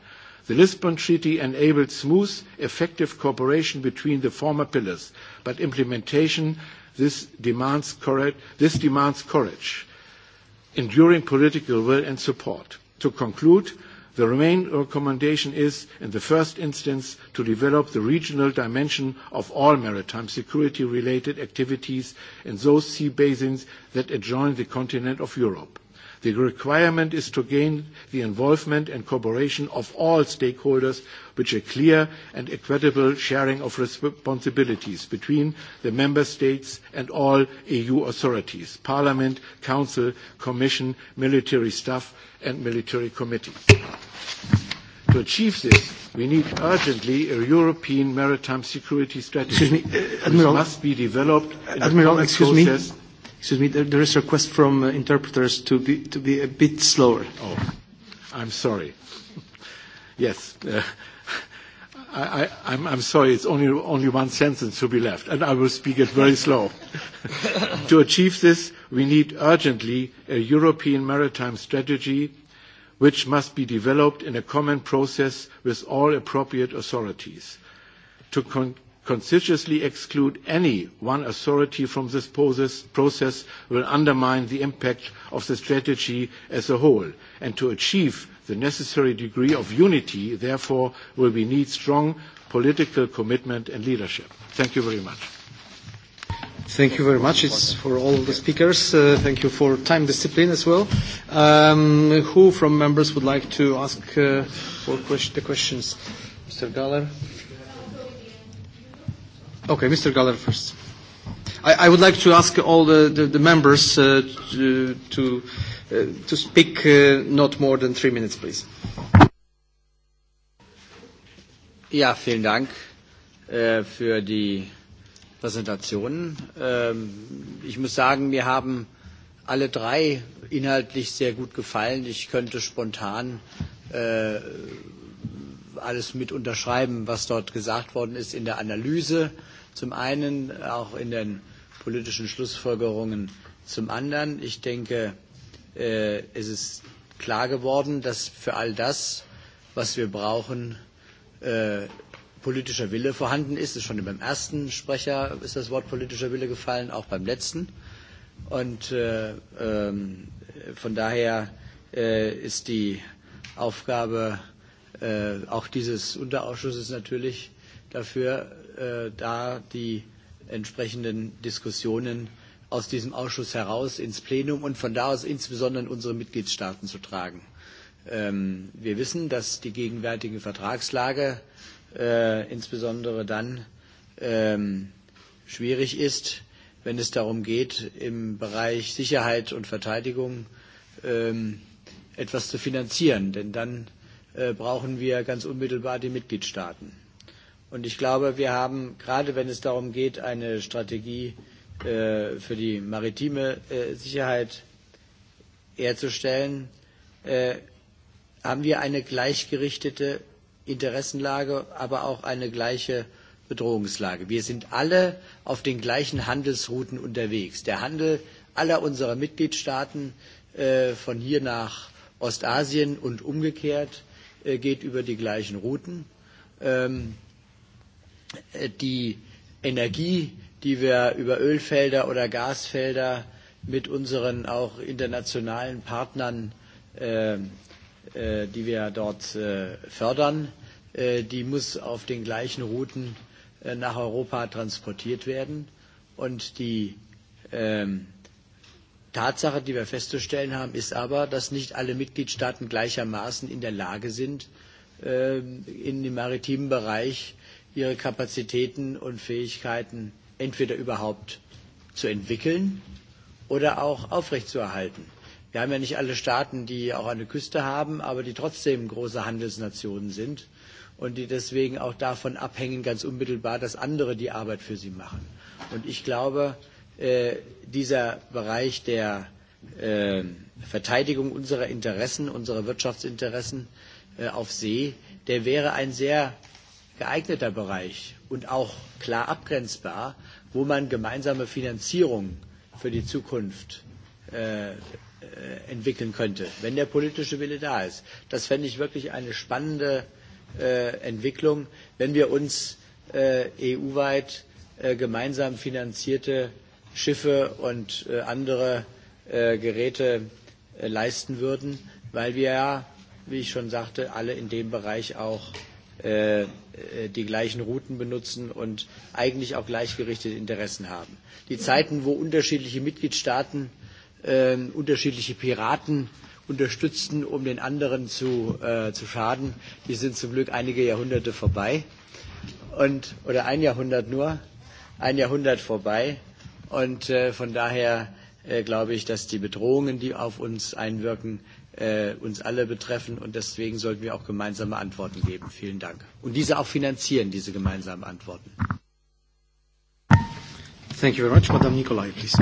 The Lisbon Treaty enabled smooth, effective cooperation between the former pillars, but implementation This demands courage. This demands courage, enduring political will and support. To conclude, the Remain recommendation is, in the first instance, to develop the regional dimension of all maritime security-related activities in those sea basins that adjoin the continent of Europe The requirement is to gain the involvement and cooperation of all stakeholders with a clear and equitable sharing of responsibilities between the member states and all EU authorities, Parliament, Council, Commission, military staff and military committees. To achieve this, we need urgently a European maritime security strategy, me, uh, Admiral, which must be developed in Admiral, a process me Excuse me, there, there is a request from uh, interpreters to be, to be a bit slower. Oh, I'm sorry. yes, uh, I, I, I'm, I'm sorry, it's only, only one sentence to be left, and I will speak it very slow. to achieve this, we need urgently a European maritime strategy which must be developed in a common process with all appropriate authorities. To, con- conscientiously exclude any one authority from this process will undermine the impact of the strategy as a whole, and to achieve the necessary degree of unity, therefore, will we need strong political commitment and leadership. Thank you very much. Thank you very much. It's for all the speakers. Uh, thank you for time discipline as well. Um, who from members would like to ask uh, for quest- the questions? Mr. Galler. Okay, Mr. Galler first. I, I would like to ask all the, the, the members uh, to, uh, to speak uh, not more than three minutes, please. Ja, vielen Dank uh, für die Präsentation. Uh, ich muss sagen, wir haben alle drei inhaltlich sehr gut gefallen. Ich könnte spontan äh, alles mit unterschreiben, was dort gesagt worden ist in der Analyse. Äh, zum einen, auch in den politischen Schlussfolgerungen zum anderen. Ich denke, äh, es ist klar geworden, dass für all das, was wir brauchen, äh, politischer Wille vorhanden ist. ist schon beim ersten Sprecher ist das Wort politischer Wille gefallen, auch beim letzten. Und äh, ähm, von daher äh, ist die Aufgabe äh, auch dieses Unterausschusses natürlich dafür, äh, da die entsprechenden Diskussionen aus diesem Ausschuss heraus ins Plenum und von da aus insbesondere in unsere Mitgliedstaaten zu tragen. Ähm, wir wissen, dass die gegenwärtige Vertragslage äh, insbesondere dann ähm, schwierig ist, wenn es darum geht, im Bereich Sicherheit und Verteidigung ähm, etwas zu finanzieren. Denn dann äh, brauchen wir ganz unmittelbar die Mitgliedstaaten. Und ich glaube, wir haben, gerade wenn es darum geht, eine Strategie äh, für die maritime äh, Sicherheit herzustellen, äh, haben wir eine gleichgerichtete Interessenlage, aber auch eine gleiche Bedrohungslage. Wir sind alle auf den gleichen Handelsrouten unterwegs. Der Handel aller unserer Mitgliedstaaten äh, von hier nach Ostasien und umgekehrt äh, geht über die gleichen Routen. Ähm, Äh, die Energie, die wir über Ölfelder oder Gasfelder mit unseren auch internationalen Partnern, äh, äh, die wir dort äh, fördern, äh, die muss auf den gleichen Routen äh, nach Europa transportiert werden. Und die äh, Tatsache, die wir festzustellen haben, ist aber, dass nicht alle Mitgliedstaaten gleichermaßen in der Lage sind, ähm, in dem maritimen Bereich ihre Kapazitäten und Fähigkeiten entweder überhaupt zu entwickeln oder auch aufrechtzuerhalten. Wir haben ja nicht alle Staaten, die auch eine Küste haben, aber die trotzdem große Handelsnationen sind und die deswegen auch davon abhängen, ganz unmittelbar, dass andere die Arbeit für sie machen. Und ich glaube, äh, dieser Bereich der äh, Verteidigung unserer Interessen, unserer Wirtschaftsinteressen äh, auf See, der wäre ein sehr geeigneter Bereich und auch klar abgrenzbar, wo man gemeinsame Finanzierung für die Zukunft äh, äh, entwickeln könnte, wenn der politische Wille da ist. Das fände ich wirklich eine spannende äh, Entwicklung, wenn wir uns äh, EU-weit äh, gemeinsam finanzierte Schiffe und äh, andere äh, Geräte äh, leisten würden, weil wir ja, wie ich schon sagte, alle in dem Bereich auch äh, Äh, äh, die gleichen Routen benutzen und eigentlich auch gleichgerichtete Interessen haben. Die Zeiten, wo unterschiedliche Mitgliedstaaten äh, unterschiedliche Piraten unterstützten, um den anderen zu, äh, zu schaden, die sind zum Glück einige Jahrhunderte vorbei und, oder ein Jahrhundert nur, ein Jahrhundert vorbei und äh, von daher äh, glaube ich, dass die Bedrohungen, die auf uns einwirken, Äh, uns alle betreffen. Und deswegen sollten wir auch gemeinsame Antworten geben. Vielen Dank. Und diese auch finanzieren, diese gemeinsamen Antworten. Thank you very much. Madame Nicolai, please.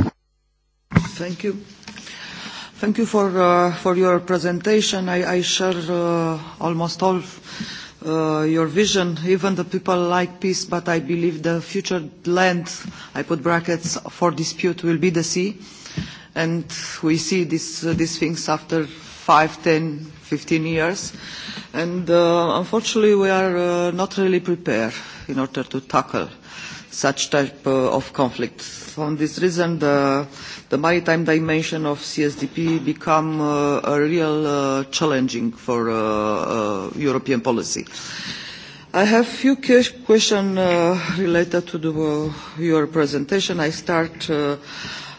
Thank you. Thank you for, uh, for your presentation. I, I share uh, almost all uh, your vision. Even the people like peace, but I believe the future land, I put brackets, for dispute will be the sea. And we see this, uh, these things after five, ten, fifteen years. And uh, unfortunately, we are uh, not really prepared in order to tackle such type uh, of conflict. For this reason, the, the maritime dimension of CSDP become uh, a real uh, challenging for uh, uh, European policy. I have a few questions uh, related to the, uh, your presentation. I start uh,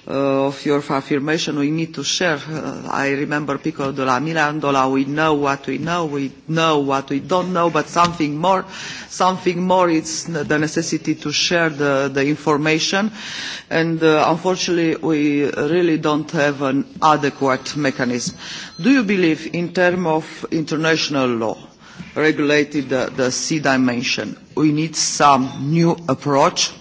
uh, of your affirmation, we need to share. Uh, I remember Pico della Mirandola, we know what we know, we know what we don't know, but something more, something more is the necessity to share the, the information. And uh, unfortunately, we really don't have an adequate mechanism. Do you believe in terms of international law? regulated the, uh, the C dimension. We need some new approach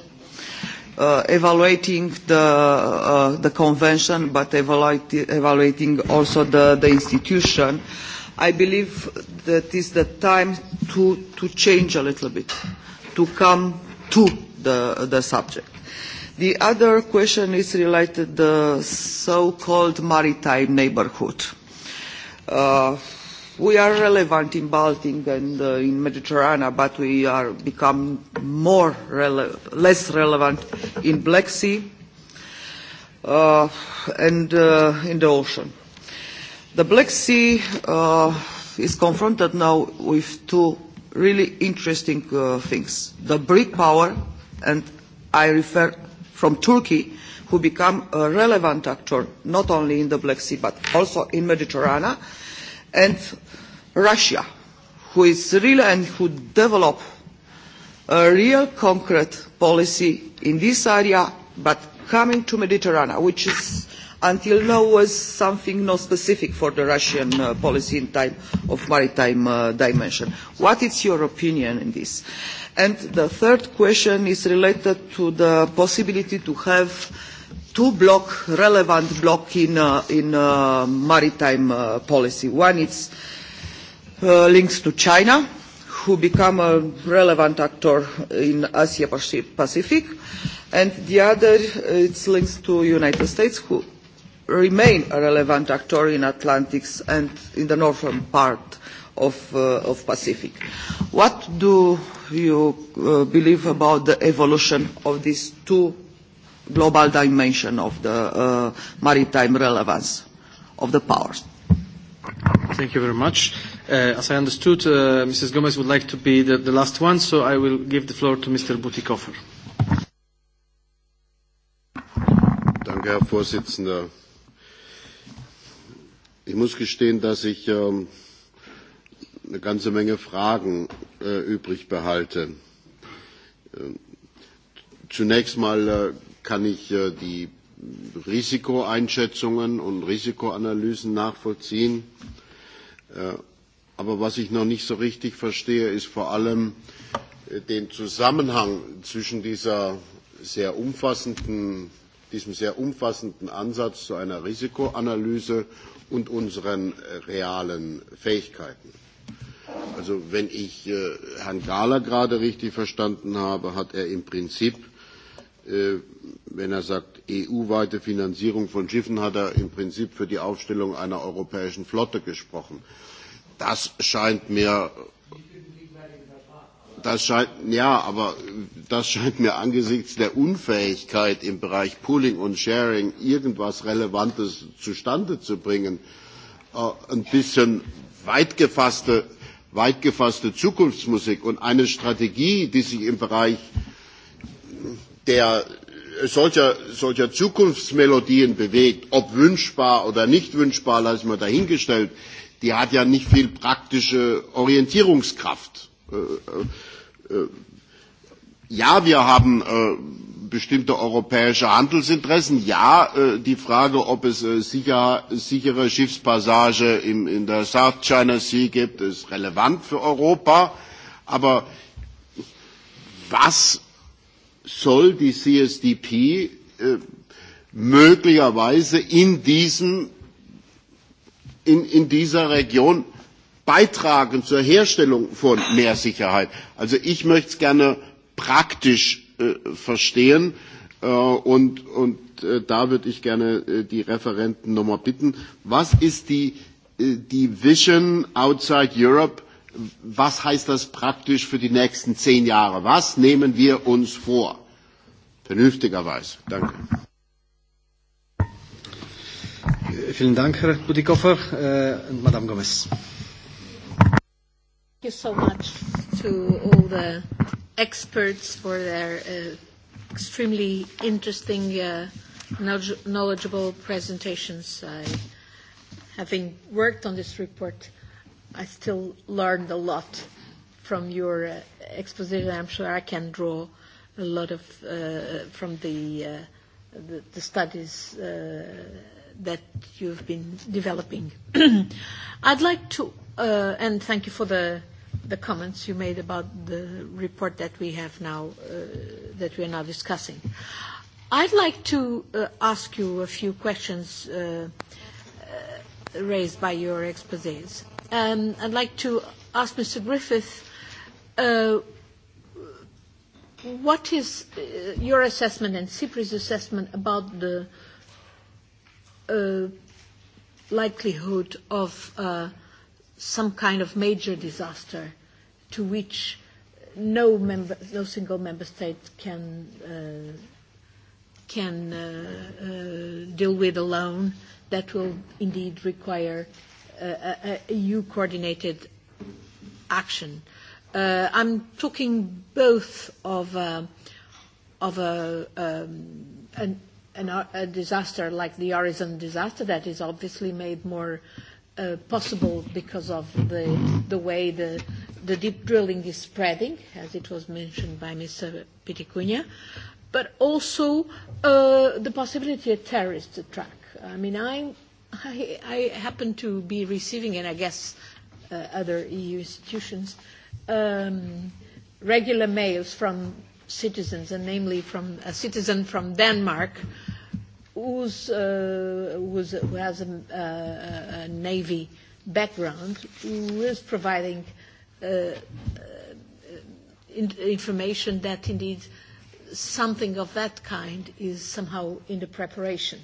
uh, evaluating the, uh, the convention, but evaluating also the, the institution, I believe that is the time to, to change a little bit, to come to the, the subject. The other question is related to the so-called maritime neighborhood. Uh, we are relevant in Baltic and uh, in Mediterranean, but we are become more rele less relevant in Black Sea uh, and uh, in the ocean. The Black Sea uh, is confronted now with two really interesting uh, things. The BRIC power, and I refer from Turkey, who become a relevant actor not only in the Black Sea but also in Mediterranean, and Russia, who is real and who develop a real concrete policy in this area, but coming to Mediterranean, which is until now was something not specific for the Russian uh, policy in time of maritime uh, dimension. What is your opinion in this? And the third question is related to the possibility to have two block, relevant block in, uh, in uh, maritime uh, policy. One it's uh, links to China, who become a relevant actor in Asia Pacific, and the other uh, it's links to United States, who remain a relevant actor in Atlantics and in the northern part of, uh, of Pacific. What do you uh, believe about the evolution of these two global dimension of the uh, maritime relevance of the powers. Thank you very much. Uh, as I understood, uh, Mrs. Gomez would like to be the, the last one, so I will give the floor to Mr. Butikoffer. Danke, Herr Vorsitzender. Ich muss gestehen, dass ich ähm, eine ganze Menge Fragen äh, übrig behalte. Ähm, zunächst mal äh, kann ich äh, die Risikoeinschätzungen und Risikoanalysen nachvollziehen. Äh, aber was ich noch nicht so richtig verstehe, ist vor allem äh, den Zusammenhang zwischen dieser sehr umfassenden, diesem sehr umfassenden Ansatz zu einer Risikoanalyse und unseren realen Fähigkeiten. Also wenn ich Herrn Gahler gerade richtig verstanden habe, hat er im Prinzip Äh, wenn er sagt EU-weite Finanzierung von Schiffen, hat er im Prinzip für die Aufstellung einer europäischen Flotte gesprochen. Das scheint mir das scheint, ja, aber das scheint mir angesichts der Unfähigkeit im Bereich Pooling und Sharing irgendwas Relevantes zustande zu bringen, äh, ein bisschen weit gefasste, weit gefasste Zukunftsmusik und eine Strategie, die sich im Bereich äh, der solcher, solcher Zukunftsmelodien bewegt, ob wünschbar oder nicht wünschbar, lassen wir dahingestellt, die hat ja nicht viel praktische Orientierungskraft. Äh, äh, äh, ja, wir haben bestimmte europäische Handelsinteressen. Ja, die Frage, ob es sicher, sichere Schiffspassage in der South China Sea gibt, ist relevant für Europa. Aber was soll die CSDP äh, möglicherweise in, diesem, in, in dieser Region beitragen zur Herstellung von mehr Sicherheit. Also ich möchte es gerne praktisch äh, verstehen äh, und, und äh, da würde ich gerne äh, die Referenten nochmal bitten. Was ist die, äh, die Vision outside Europe äh, was heißt das praktisch für die nächsten zehn Jahre? Was nehmen wir uns vor? Vernünftigerweise. Danke. Vielen Dank, Herr Budikoffer. Uh, Madame Gomez. Thank you so much to all the experts for their uh, extremely interesting, uh, knowledgeable presentations. I, having worked on this report, I still learned a lot from your uh, exposition. I'm sure I can draw a lot of uh, from the, uh, the the studies uh, that you've been developing. I'd like to uh, and thank you for the the comments you made about the report that we have now uh, that we are now discussing. I'd like to uh, ask you a few questions uh, uh, raised by your exposés. Um, I'd like to ask Mr. Griffith, uh, what is uh, your assessment and CIPRI's assessment about the uh, likelihood of uh, some kind of major disaster to which no, member, no single member state can, uh, can uh, uh, deal with alone that will indeed require EU-coordinated action. Uh, I'm talking both of, uh, of a, um, an, an, a disaster like the Horizon disaster that is obviously made more uh, possible because of the, the way the, the deep drilling is spreading, as it was mentioned by Mr. Piticunha, but also uh, the possibility of terrorist attack. I mean, I'm I, I happen to be receiving, and I guess uh, other EU institutions, um, regular mails from citizens, and namely from a citizen from Denmark who's, uh, who's, who has a, a, a Navy background, who is providing uh, uh in, information that indeed something of that kind is somehow in the preparation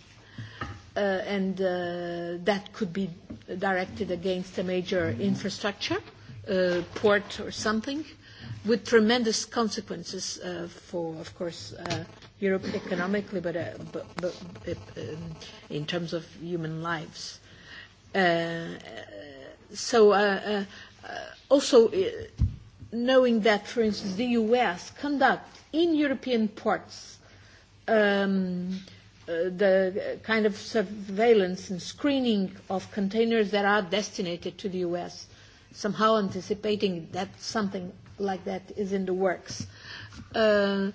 uh, and uh, that could be directed against a major infrastructure, uh, port or something, with tremendous consequences uh, for, of course, uh, Europe economically, but, uh, but, but uh, in terms of human lives. Uh, so, uh, uh, also uh, knowing that, for instance, the U.S. conduct in European ports um, the kind of surveillance and screening of containers that are destined to the U.S., somehow anticipating that something like that is in the works. Uh,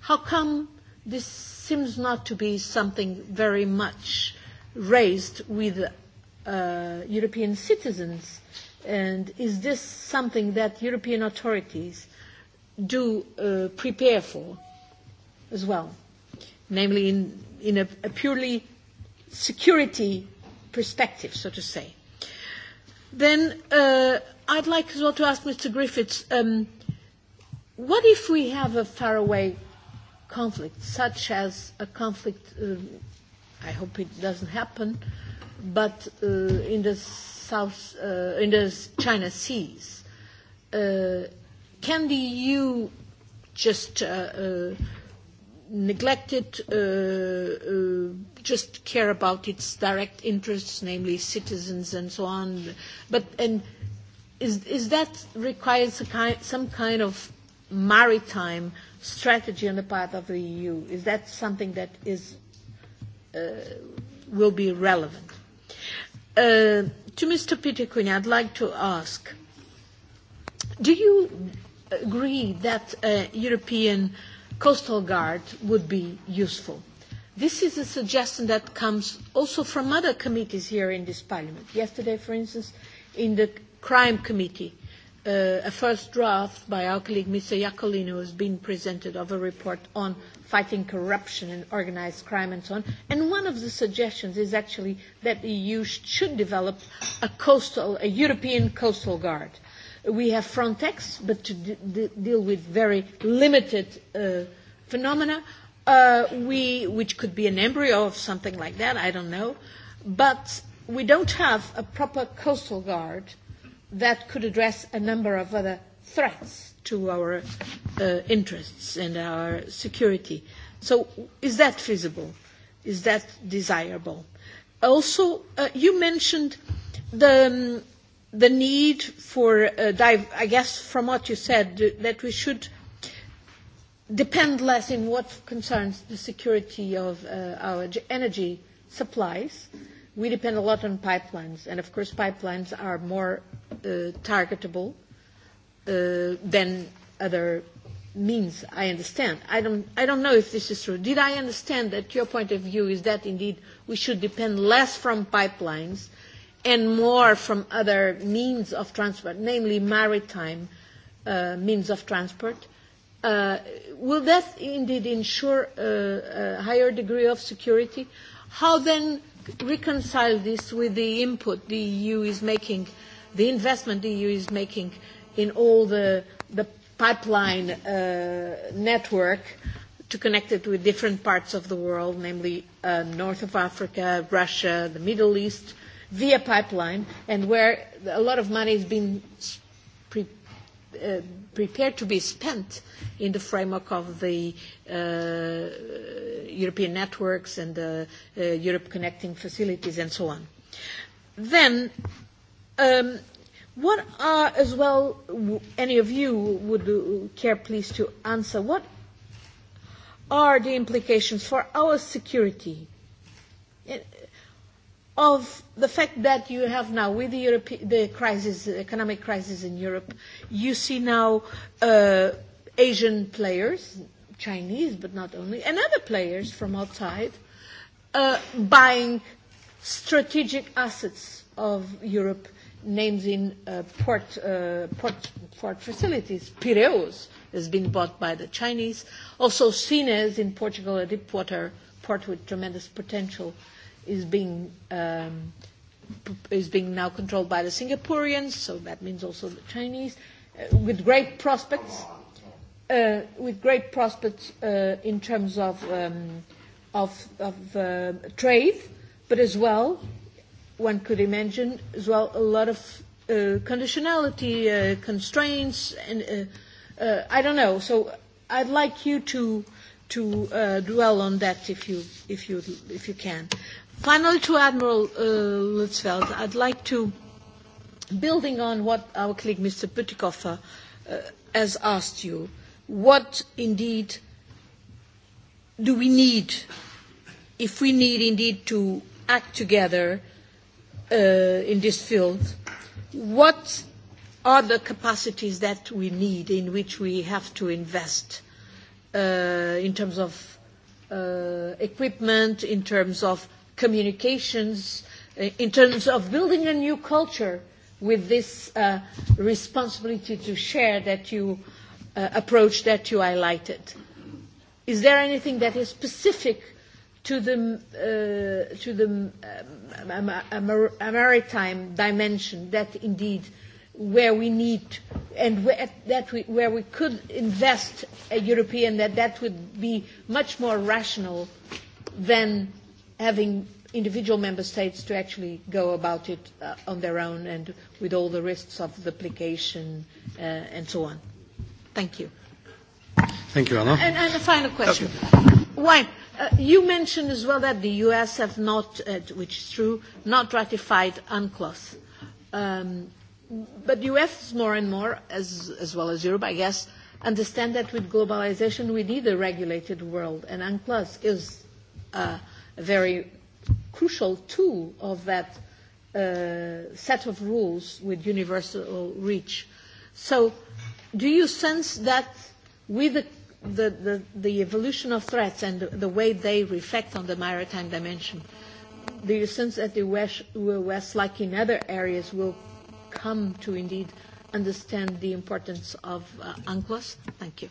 how come this seems not to be something very much raised with uh, European citizens? And is this something that European authorities do uh, prepare for as well? Namely, in in a, a purely security perspective, so to say. Then uh, I'd like as well to ask Mr. Griffiths, um, what if we have a faraway conflict, such as a conflict, uh, I hope it doesn't happen, but uh, in the South, uh, in the China Seas, uh, can the EU just uh, uh, neglected, uh, uh, just care about its direct interests, namely citizens and so on. But and is, is that requires a kind, some kind of maritime strategy on the part of the EU? Is that something that is uh, will be relevant? Uh, to Mr. Peter Quinn, I'd like to ask: Do you agree that uh, European uh, coastal guard would be useful. This is a suggestion that comes also from other committees here in this parliament. Yesterday, for instance, in the crime committee, uh, a first draft by our colleague Mr. Iacolino has been presented of a report on fighting corruption and organized crime and so on. And one of the suggestions is actually that the EU should develop a coastal, a European coastal guard We have Frontex, but to deal with very limited uh, phenomena, uh, we, which could be an embryo of something like that, I don't know. But we don't have a proper coastal guard that could address a number of other threats to our uh, interests and our security. So is that feasible? Is that desirable? Also, uh, you mentioned the um, the need for, uh, dive, I guess, from what you said, that we should depend less in what concerns the security of uh, our energy supplies. We depend a lot on pipelines, and of course, pipelines are more uh, targetable uh, than other means. I understand. I don't. I don't know if this is true. Did I understand that your point of view is that indeed we should depend less from pipelines and more from other means of transport, namely maritime uh, means of transport, uh, will that indeed ensure a, a higher degree of security? How then reconcile this with the input the EU is making, the investment the EU is making in all the, the pipeline uh, network to connect it with different parts of the world, namely uh, north of Africa, Russia, the Middle East, uh, via pipeline and where a lot of money has been pre uh, prepared to be spent in the framework of the uh, European networks and the uh, Europe connecting facilities and so on. Then, um, what are, as well, any of you would care please to answer, what are the implications for our security of the fact that you have now, with the, Europe, the crisis, the economic crisis in Europe, you see now uh, Asian players, Chinese, but not only, and other players from outside uh, buying strategic assets of Europe, names in uh, port, uh, port, port facilities. Piraeus has been bought by the Chinese. Also, Sines in Portugal, a deep water port with tremendous potential. Uh, is being um, is being now controlled by the Singaporeans, so that means also the Chinese, uh, with great prospects, uh, with great prospects uh, in terms of um, of, of uh, trade, but as well, one could imagine as well a lot of uh, conditionality uh, constraints, and uh, uh, I don't know. So I'd like you to to uh, dwell on that if you if you if you can. Uh, Finally, to Admiral uh, Lutzfeld, I'd like to, building on what our colleague Mr. Putikoffer uh, has asked you, what indeed do we need if we need indeed to act together uh, in this field? What are the capacities that we need in which we have to invest uh, in terms of uh, equipment, in terms of communications uh, in terms of building a new culture with this uh, responsibility to share that you uh, approach that you highlighted. Is there anything that is specific to the, uh, to the um, a, um, a um, um, maritime dimension that indeed where we need and where, that we, where we could invest a European that that would be much more rational than having individual member states to actually go about it uh, on their own and with all the risks of duplication uh, and so on. Thank you. Thank you, Anna. And, and a final question. Okay. Why? Uh, you mentioned as well that the US have not, uh, which is true, not ratified UNCLOS. Um, but the US more and more, as, as well as Europe, I guess, understand that with globalization we need a regulated world, and UNCLOS is uh, very crucial tool of that uh, set of rules with universal reach. So do you sense that with the, the, the, the evolution of threats and the, the way they reflect on the maritime dimension, do you sense that the West, West, like in other areas, will come to indeed understand the importance of uh, UNCLOS? Thank you.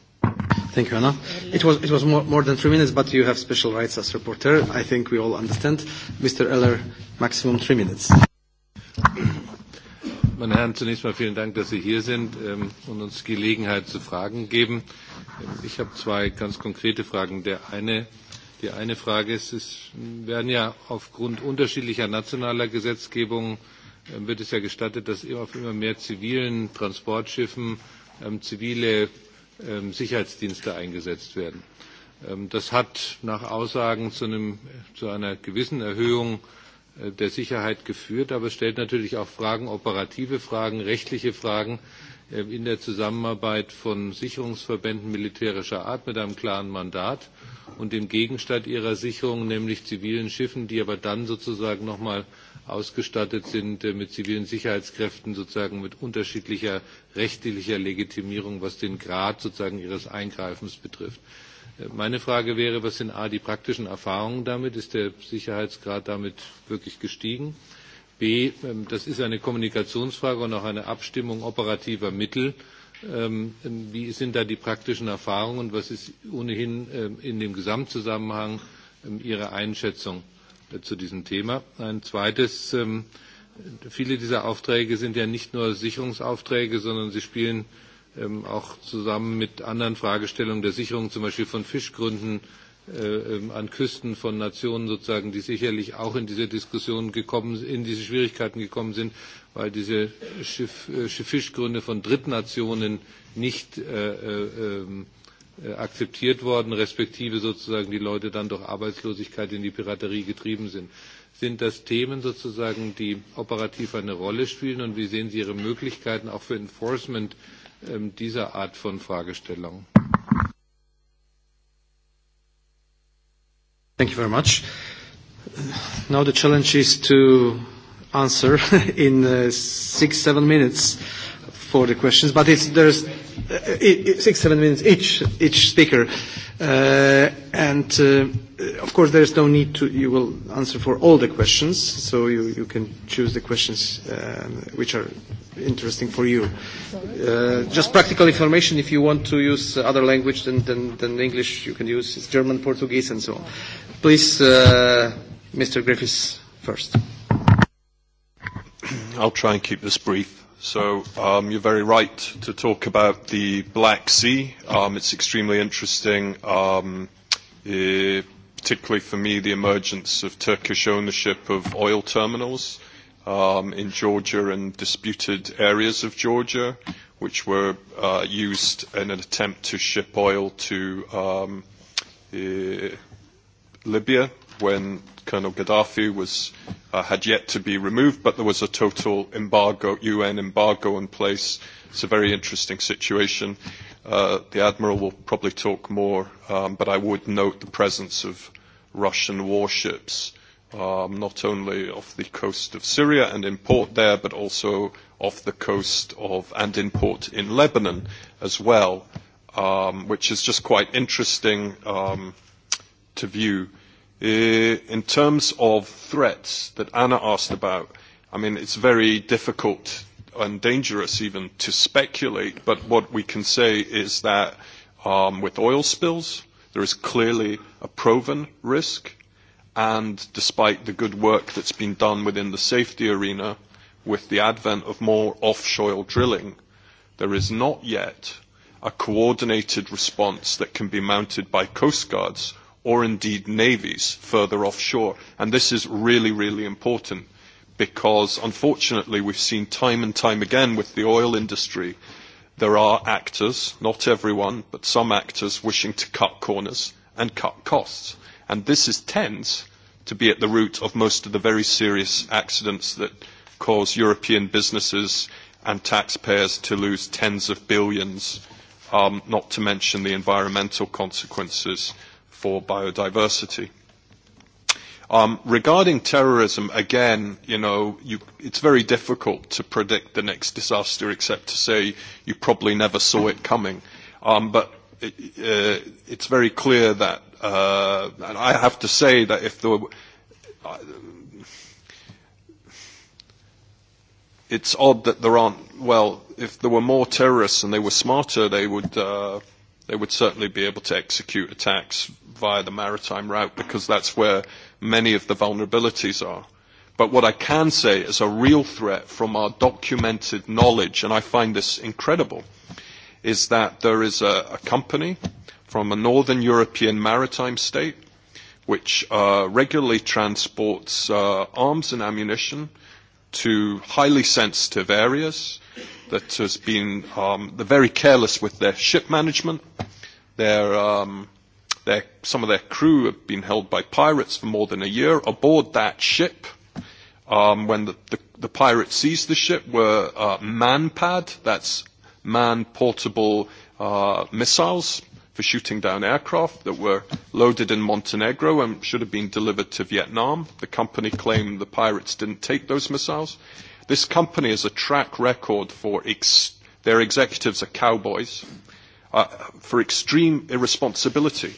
Thank you, Anna. It was, it was more, more than three minutes, but you have special rights as reporter. I think we all understand. Mr. Eller, maximum three minutes. Meine Herren, zunächst mal vielen Dank, dass Sie hier sind ähm, und uns Gelegenheit zu Fragen geben. Ich habe zwei ganz konkrete Fragen. Der eine, die eine Frage ist, es werden ja aufgrund unterschiedlicher nationaler Gesetzgebung äh, wird es ja gestattet, dass immer auf immer mehr zivilen Transportschiffen ähm, zivile Ähm, Sicherheitsdienste eingesetzt werden. Ähm, das hat nach Aussagen zu, einem, zu einer gewissen Erhöhung äh, der Sicherheit geführt, aber es stellt natürlich auch Fragen, operative Fragen, rechtliche Fragen ähm, in der Zusammenarbeit von Sicherungsverbänden militärischer Art mit einem klaren Mandat und dem Gegenstand ihrer Sicherung, nämlich zivilen Schiffen, die aber dann sozusagen nochmal ausgestattet sind äh, mit zivilen Sicherheitskräften sozusagen mit unterschiedlicher rechtlicher Legitimierung, was den Grad sozusagen ihres Eingreifens betrifft. Äh, meine Frage wäre, was sind A, die praktischen Erfahrungen damit? Ist der Sicherheitsgrad damit wirklich gestiegen? B, ähm, das ist eine Kommunikationsfrage und auch eine Abstimmung operativer Mittel. Ähm, wie sind da die praktischen Erfahrungen und was ist ohnehin ähm, in dem Gesamtzusammenhang Ihre Einschätzung? Äh, zu diesem Thema. Ein zweites, ähm, viele dieser Aufträge sind ja nicht nur Sicherungsaufträge, sondern sie spielen ähm, auch zusammen mit anderen Fragestellungen der Sicherung, zum Beispiel von Fischgründen äh, ähm, an Küsten von Nationen sozusagen, die sicherlich auch in diese Diskussion gekommen, in diese Schwierigkeiten gekommen sind, weil diese Schiff, äh, Fischgründe von Drittnationen nicht äh, äh, Äh, akzeptiert worden, respektive sozusagen die Leute dann durch Arbeitslosigkeit in die Piraterie getrieben sind. Sind das Themen sozusagen, die operativ eine Rolle spielen und wie sehen Sie Ihre Möglichkeiten auch für Enforcement ähm, dieser Art von Fragestellungen? Thank you very much. Now the challenge is to answer in uh, six, seven minutes for the questions, but it's, there's Uh, six, seven minutes each, each speaker. Uh, and uh, of course, there is no need to, you will answer for all the questions, so you, you can choose the questions uh, which are interesting for you. Uh, just practical information, if you want to use other language than, than, than English, you can use German, Portuguese, and so on. Please, uh, Mr. Griffiths first. I'll try and keep this brief. So um, you're very right to talk about the Black Sea. Um, it's extremely interesting, um, eh, particularly for me, the emergence of Turkish ownership of oil terminals um, in Georgia and disputed areas of Georgia, which were uh, used in an attempt to ship oil to um, eh, Libya when Colonel Gaddafi was, uh, had yet to be removed, but there was a total embargo, UN embargo in place. It's a very interesting situation. Uh, the Admiral will probably talk more, um, but I would note the presence of Russian warships, um, not only off the coast of Syria and in port there, but also off the coast of and in port in Lebanon as well, um, which is just quite interesting um, to view. Uh, in terms of threats that Anna asked about, I mean, it's very difficult and dangerous even to speculate, but what we can say is that um, with oil spills, there is clearly a proven risk, and despite the good work that's been done within the safety arena, with the advent of more offshore drilling, there is not yet a coordinated response that can be mounted by coastguards or indeed navies further offshore. And this is really, really important because unfortunately we've seen time and time again with the oil industry there are actors, not everyone, but some actors wishing to cut corners and cut costs. And this is, tends to be at the root of most of the very serious accidents that cause European businesses and taxpayers to lose tens of billions, um, not to mention the environmental consequences for biodiversity. Um, regarding terrorism, again, you know, you, it's very difficult to predict the next disaster except to say you probably never saw it coming. Um, but it, uh, it's very clear that, uh, and I have to say that if there were, uh, it's odd that there aren't, well, if there were more terrorists and they were smarter, they would, uh, they would certainly be able to execute attacks via the maritime route because that's where many of the vulnerabilities are. But what I can say is a real threat from our documented knowledge, and I find this incredible, is that there is a, a company from a northern European maritime state which uh, regularly transports uh, arms and ammunition to highly sensitive areas that has been um, they're very careless with their ship management. Their, um, their, some of their crew have been held by pirates for more than a year aboard that ship. Um, when the, the, the pirate seized the ship, were uh, manpad, that's man portable uh, missiles for shooting down aircraft that were loaded in Montenegro and should have been delivered to Vietnam. The company claimed the pirates didn't take those missiles. This company has a track record for ex- their executives are cowboys, uh, for extreme irresponsibility.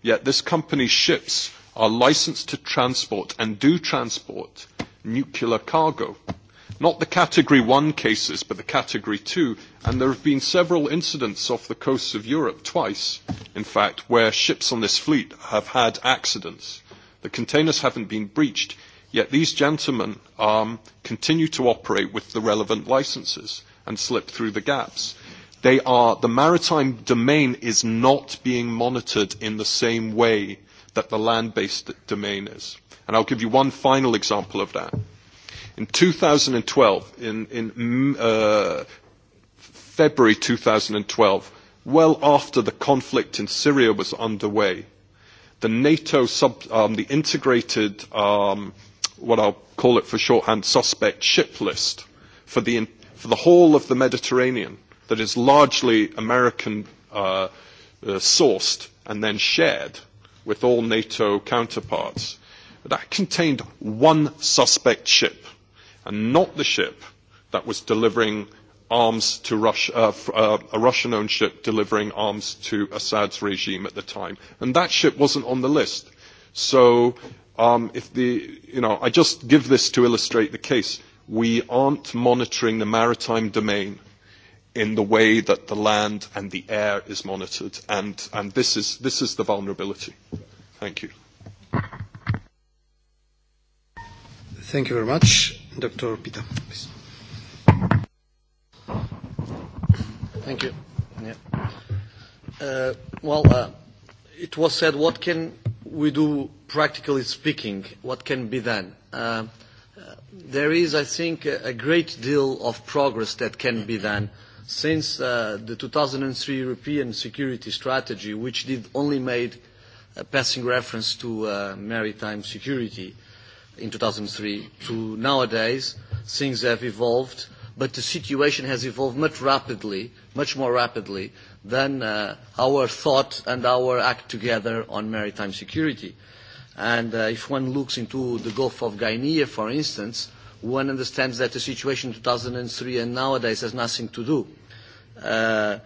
Yet this company's ships are licensed to transport and do transport nuclear cargo. Not the Category 1 cases, but the Category 2. And there have been several incidents off the coasts of Europe, twice, in fact, where ships on this fleet have had accidents. The containers haven't been breached, Yet these gentlemen um, continue to operate with the relevant licenses and slip through the gaps. They are, the maritime domain is not being monitored in the same way that the land-based domain is. And I'll give you one final example of that. In 2012, in, in mm, uh, February 2012, well after the conflict in Syria was underway, the NATO sub, um, the integrated um, what I'll call it for shorthand suspect ship list for the, for the whole of the Mediterranean that is largely American uh, uh, sourced and then shared with all NATO counterparts. That contained one suspect ship, and not the ship that was delivering arms to Russia, uh, uh, a Russian owned ship delivering arms to Assad's regime at the time. And that ship wasn't on the list. So Um, if the, you know, I just give this to illustrate the case. We aren't monitoring the maritime domain in the way that the land and the air is monitored, and, and this, is, this is the vulnerability. Thank you. Thank you very much. Dr. Pita, please. Thank you. Yeah. Uh, well, uh, it was said what can we do, practically speaking, what can be done? Uh, uh there is, I think, a great deal of progress that can be done since uh, the 2003 European Security Strategy, which did only made a passing reference to uh, maritime security in 2003 to nowadays, things have evolved, but the situation has evolved much rapidly, much more rapidly than uh, our thought and our act together on maritime security. And uh, if one looks into the Gulf of Guinea, for instance, one understands that the situation in 2003 and nowadays has nothing to do. Uh,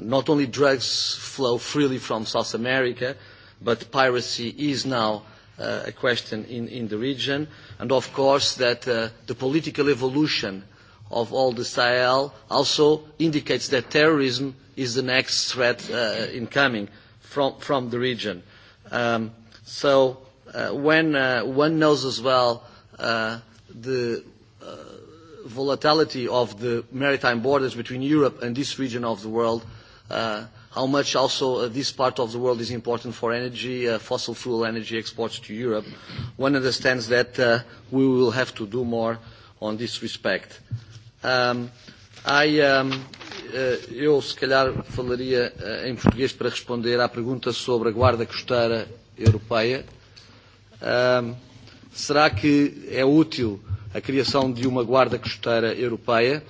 not only drugs flow freely from South America, but piracy is now uh, a question in, in the region. And of course that uh, the political evolution of all the Sahel also indicates that terrorism is the next threat uh, incoming from, from the region. Um, so uh, when uh, one knows as well uh, the uh, volatility of the maritime borders between Europe and this region of the world, uh, how much also uh, this part of the world is important for energy, uh, fossil fuel energy exports to Europe, one understands that uh, we will have to do more on this respect. Um, I, um, Eh, eu se calhar falaria eh, em português para responder à pergunta sobre a Guarda Costeira Europeia. Será que é útil a criação de uma Guarda Costeira Europeia?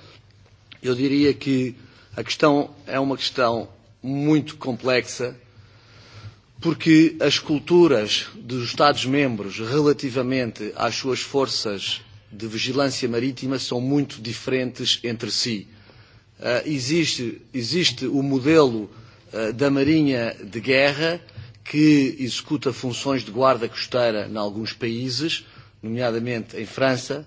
Eu diria que a questão é uma questão muito complexa, porque as culturas dos Estados-membros relativamente às suas forças de vigilância marítima são muito diferentes entre si. Eh, existe, existe o modelo eh, da Marinha de Guerra que executa funções de guarda costeira em alguns países, nomeadamente em França,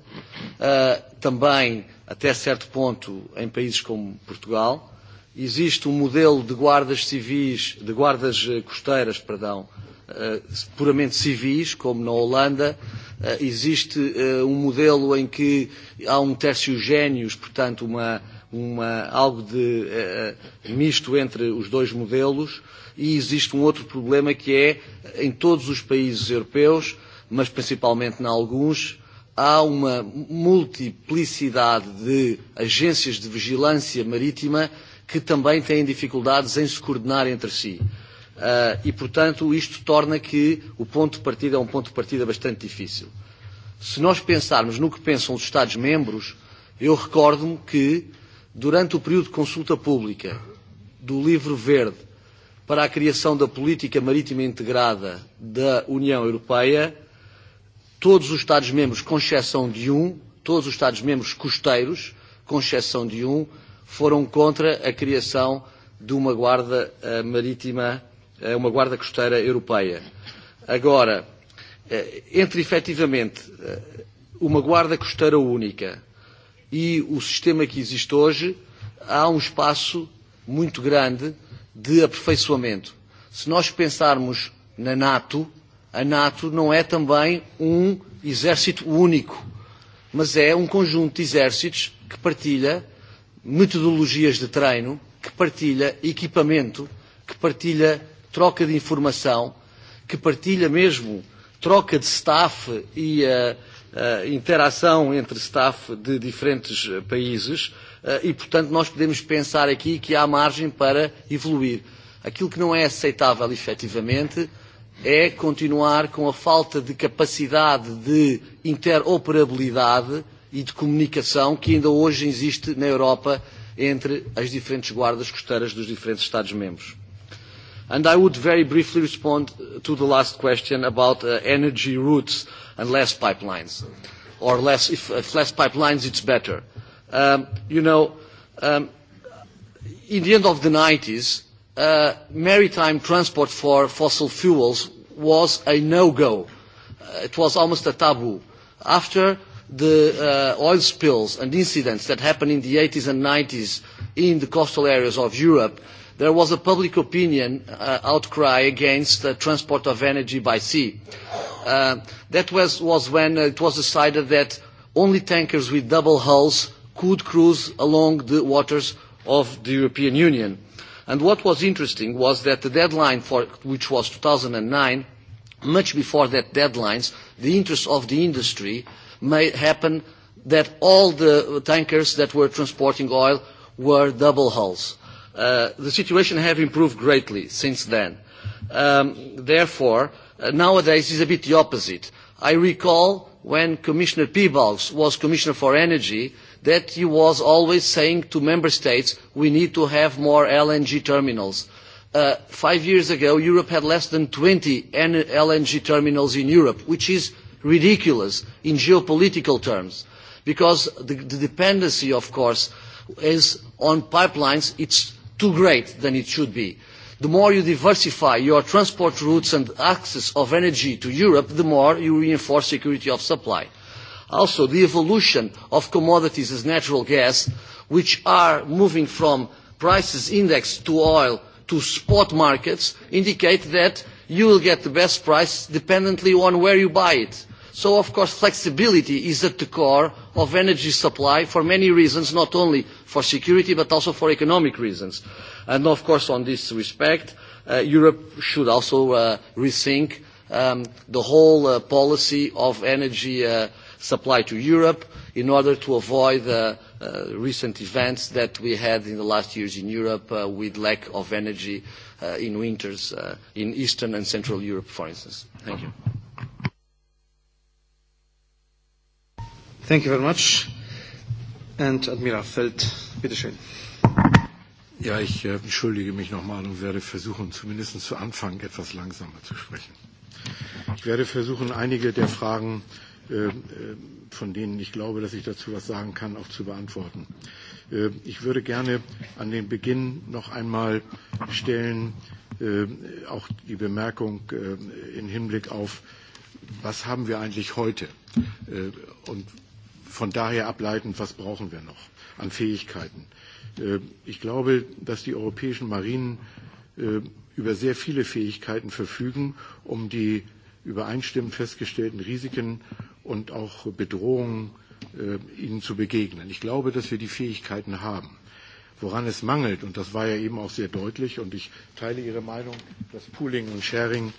eh, também até certo ponto em países como Portugal. Existe um modelo de guardas civis, de guardas costeiras, perdão, puramente civis, como na Holanda. Existe um modelo em que há um terciogénios, portanto uma uma, algo de uh, misto entre os dois modelos e existe um outro problema que é, em todos os países europeus, mas principalmente em alguns, há uma multiplicidade de agências de vigilância marítima que também têm dificuldades em se coordenar entre si. Uh, e, portanto, isto torna que o ponto de partida é um ponto de partida bastante difícil. Se nós pensarmos no que pensam os Estados-membros, eu recordo-me que durante o período de consulta pública do Livro Verde para a criação da política marítima integrada da União Europeia, todos os Estados-membros, com exceção de um, todos os Estados-membros costeiros, com exceção de um, foram contra a criação de uma guarda eh, marítima, eh, uma guarda costeira europeia. Agora, eh, entre efetivamente uma guarda costeira única e o sistema que existe hoje, há um espaço muito grande de aperfeiçoamento. Se nós pensarmos na NATO, a NATO não é também um exército único, mas é um conjunto de exércitos que partilha metodologias de treino, que partilha equipamento, que partilha troca de informação, que partilha mesmo troca de staff e uh, uh, interação entre staff de diferentes países uh, e, portanto, nós podemos pensar aqui que há margem para evoluir. Aquilo que não é aceitável, efetivamente, é continuar com a falta de capacidade de interoperabilidade e de comunicação que ainda hoje existe na Europa entre as diferentes guardas costeiras dos diferentes Estados-membros. And I would very briefly respond to the last question about uh, energy routes and less pipelines. Or less, if, if less pipelines, it's better. Um, you know, um, in the end of the 90s, uh, maritime transport for fossil fuels was a no-go. Uh, it was almost a taboo. After the uh, oil spills and incidents that happened in the 80s and 90s in the coastal areas of Europe, there was a public opinion uh, outcry against the uh, transport of energy by sea. Uh, that was, was when uh, it was decided that only tankers with double hulls could cruise along the waters of the European Union. And what was interesting was that the deadline for which was 2009, much before that deadline, the interest of the industry may happen that all the tankers that were transporting oil were double hulls. Uh, the situation has improved greatly since then. Um, therefore, uh, nowadays is a bit the opposite. I recall when Commissioner Peebles was Commissioner for Energy that he was always saying to member states, we need to have more LNG terminals. Uh, five years ago, Europe had less than 20 LNG terminals in Europe, which is ridiculous in geopolitical terms, because the, the dependency, of course, is on pipelines. It's too great than it should be. The more you diversify your transport routes and access of energy to Europe, the more you reinforce security of supply. Also, the evolution of commodities as natural gas, which are moving from prices indexed to oil to spot markets, indicate that you will get the best price dependently on where you buy it. So, of course, flexibility is at the core of energy supply for many reasons, not only for security but also for economic reasons. And of course on this respect, uh, Europe should also uh, rethink um, the whole uh, policy of energy uh, supply to Europe in order to avoid uh, uh, recent events that we had in the last years in Europe uh, with lack of energy uh, in winters uh, in Eastern and Central Europe, for instance. Thank you. Thank you very much. And Admiral Feld, bitteschön. Ja, ich äh, entschuldige mich nochmal und werde versuchen, zumindest zu Anfang etwas langsamer zu sprechen. Ich werde versuchen, einige der Fragen, äh, äh, von denen ich glaube, dass ich dazu was sagen kann, auch zu beantworten. Äh, ich würde gerne an den Beginn noch einmal stellen, äh, auch die Bemerkung äh, im Hinblick auf, was haben wir eigentlich heute äh, und von daher ableitend, was brauchen wir noch an Fähigkeiten. Äh, ich glaube, dass die europäischen Marinen äh, über sehr viele Fähigkeiten verfügen, um die übereinstimmend festgestellten Risiken und auch Bedrohungen äh, ihnen zu begegnen. Ich glaube, dass wir die Fähigkeiten haben. Woran es mangelt, und das war ja eben auch sehr deutlich, und ich teile Ihre Meinung, dass Pooling und Sharing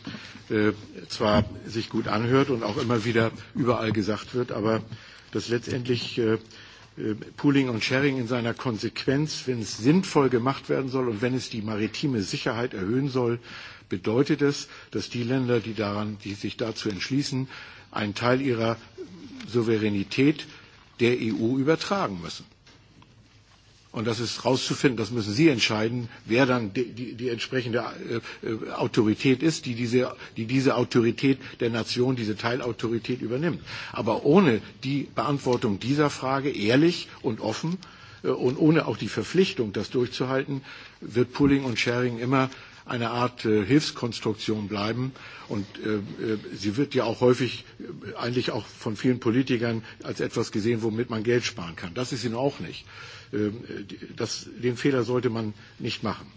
äh, zwar sich gut anhört und auch immer wieder überall gesagt wird, aber dass letztendlich äh, äh, Pooling und Sharing in seiner Konsequenz, wenn es sinnvoll gemacht werden soll und wenn es die maritime Sicherheit erhöhen soll, bedeutet es, dass die Länder, die, daran, die sich dazu entschließen, einen Teil ihrer Souveränität der EU übertragen müssen. Und das ist rauszufinden, das müssen Sie entscheiden, wer dann die, die, die entsprechende äh, äh, Autorität ist, die diese, die diese Autorität der Nation, diese Teilautorität übernimmt. Aber ohne die Beantwortung dieser Frage ehrlich und offen äh, und ohne auch die Verpflichtung, das durchzuhalten, wird Pooling und Sharing immer äh, eine Art äh, Hilfskonstruktion bleiben. Und äh, äh, sie wird ja auch häufig äh, eigentlich auch von vielen Politikern als etwas gesehen, womit man Geld sparen kann. Das ist ihnen auch nicht. Ähm, äh, das, den Fehler sollte man nicht machen.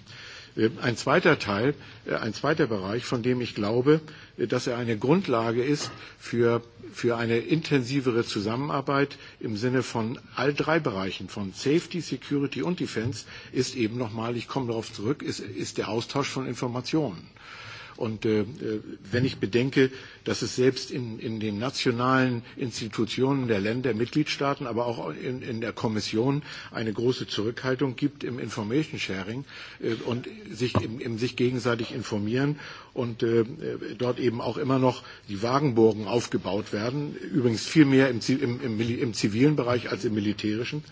Äh, ein zweiter Teil, äh, ein zweiter Bereich, von dem ich glaube, äh, dass er eine Grundlage ist für, für eine intensivere Zusammenarbeit im Sinne von all drei Bereichen, von Safety, Security und Defense, ist eben nochmal, ich komme darauf zurück, ist, ist der Austausch von Informationen. Und äh, äh, wenn ich bedenke, dass es selbst in, in den nationalen Institutionen der Länder, Mitgliedstaaten, aber auch in, in der Kommission eine große Zurückhaltung gibt im Information Sharing äh, und sich im, im sich gegenseitig informieren und äh, äh dort eben auch immer noch die Wagenburgen aufgebaut werden, übrigens viel mehr im, im, im, im zivilen Bereich als im militärischen. Äh,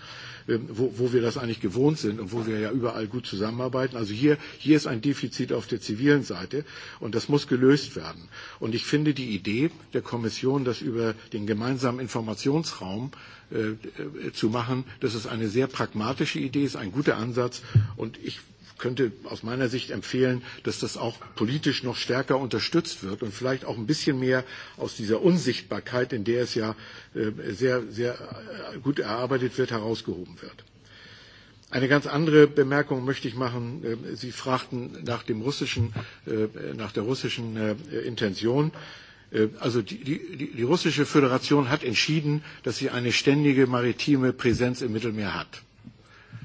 Ähm, wo, wo wir das eigentlich gewohnt sind und wo wir ja überall gut zusammenarbeiten. Also hier, hier ist ein Defizit auf der zivilen Seite und das muss gelöst werden. Und ich finde die Idee der Kommission, das über den gemeinsamen Informationsraum äh, äh, zu machen. Das ist eine sehr pragmatische Idee, ist ein guter Ansatz und ich könnte aus meiner Sicht empfehlen, dass das auch politisch noch stärker unterstützt wird und vielleicht auch ein bisschen mehr aus dieser Unsichtbarkeit, in der es ja äh, sehr, sehr äh, gut erarbeitet wird, herausgehoben wird. Eine ganz andere Bemerkung möchte ich machen. Äh, sie fragten nach dem russischen, nach der russischen Intention. Also die, die, die russische Föderation hat entschieden, dass sie eine ständige maritime Präsenz im Mittelmeer hat.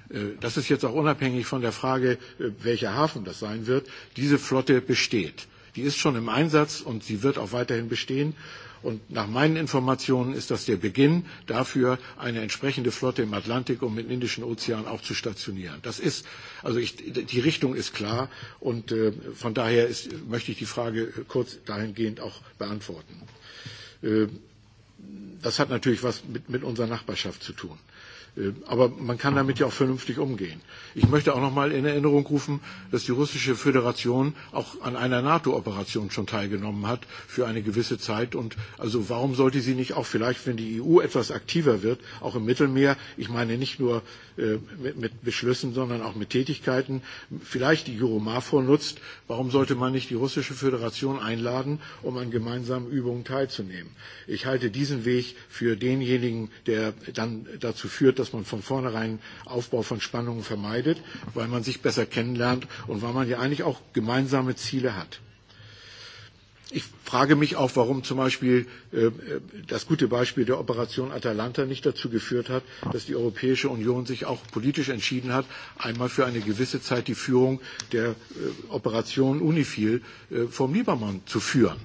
Äh, das ist jetzt auch unabhängig von der Frage, äh, welcher Hafen das sein wird, diese Flotte besteht. Die ist schon im Einsatz und sie wird auch weiterhin bestehen. Und nach meinen Informationen ist das der Beginn dafür, eine entsprechende Flotte im Atlantik und im Indischen Ozean auch zu stationieren. Das ist, also ich, die Richtung ist klar und äh, von daher ist, möchte ich die Frage kurz dahingehend auch beantworten. Äh, das hat natürlich was mit, mit unserer Nachbarschaft zu tun. Äh, Äh, aber man kann damit ja auch vernünftig umgehen. Ich möchte auch noch mal in Erinnerung rufen, dass die russische Föderation auch an einer NATO-Operation schon teilgenommen hat für eine gewisse Zeit. Und also warum sollte sie nicht auch vielleicht, wenn die EU etwas aktiver wird, auch im Mittelmeer, ich meine nicht nur äh, mit, mit Beschlüssen, sondern auch mit Tätigkeiten, vielleicht die Euromafor nutzt, warum sollte man nicht die russische Föderation einladen, um an gemeinsamen Übungen teilzunehmen? Ich halte diesen Weg für denjenigen, der dann dazu führt, dass dass man von vornherein Aufbau von Spannungen vermeidet, weil man sich besser kennenlernt und weil man ja eigentlich auch gemeinsame Ziele hat. Ich frage mich auch, warum zum Beispiel äh, äh, das gute Beispiel der Operation Atalanta nicht dazu geführt hat, dass die Europäische Union sich auch politisch entschieden hat, einmal für eine gewisse Zeit die Führung der äh, Operation UNIFIL äh, vom Libanon zu führen.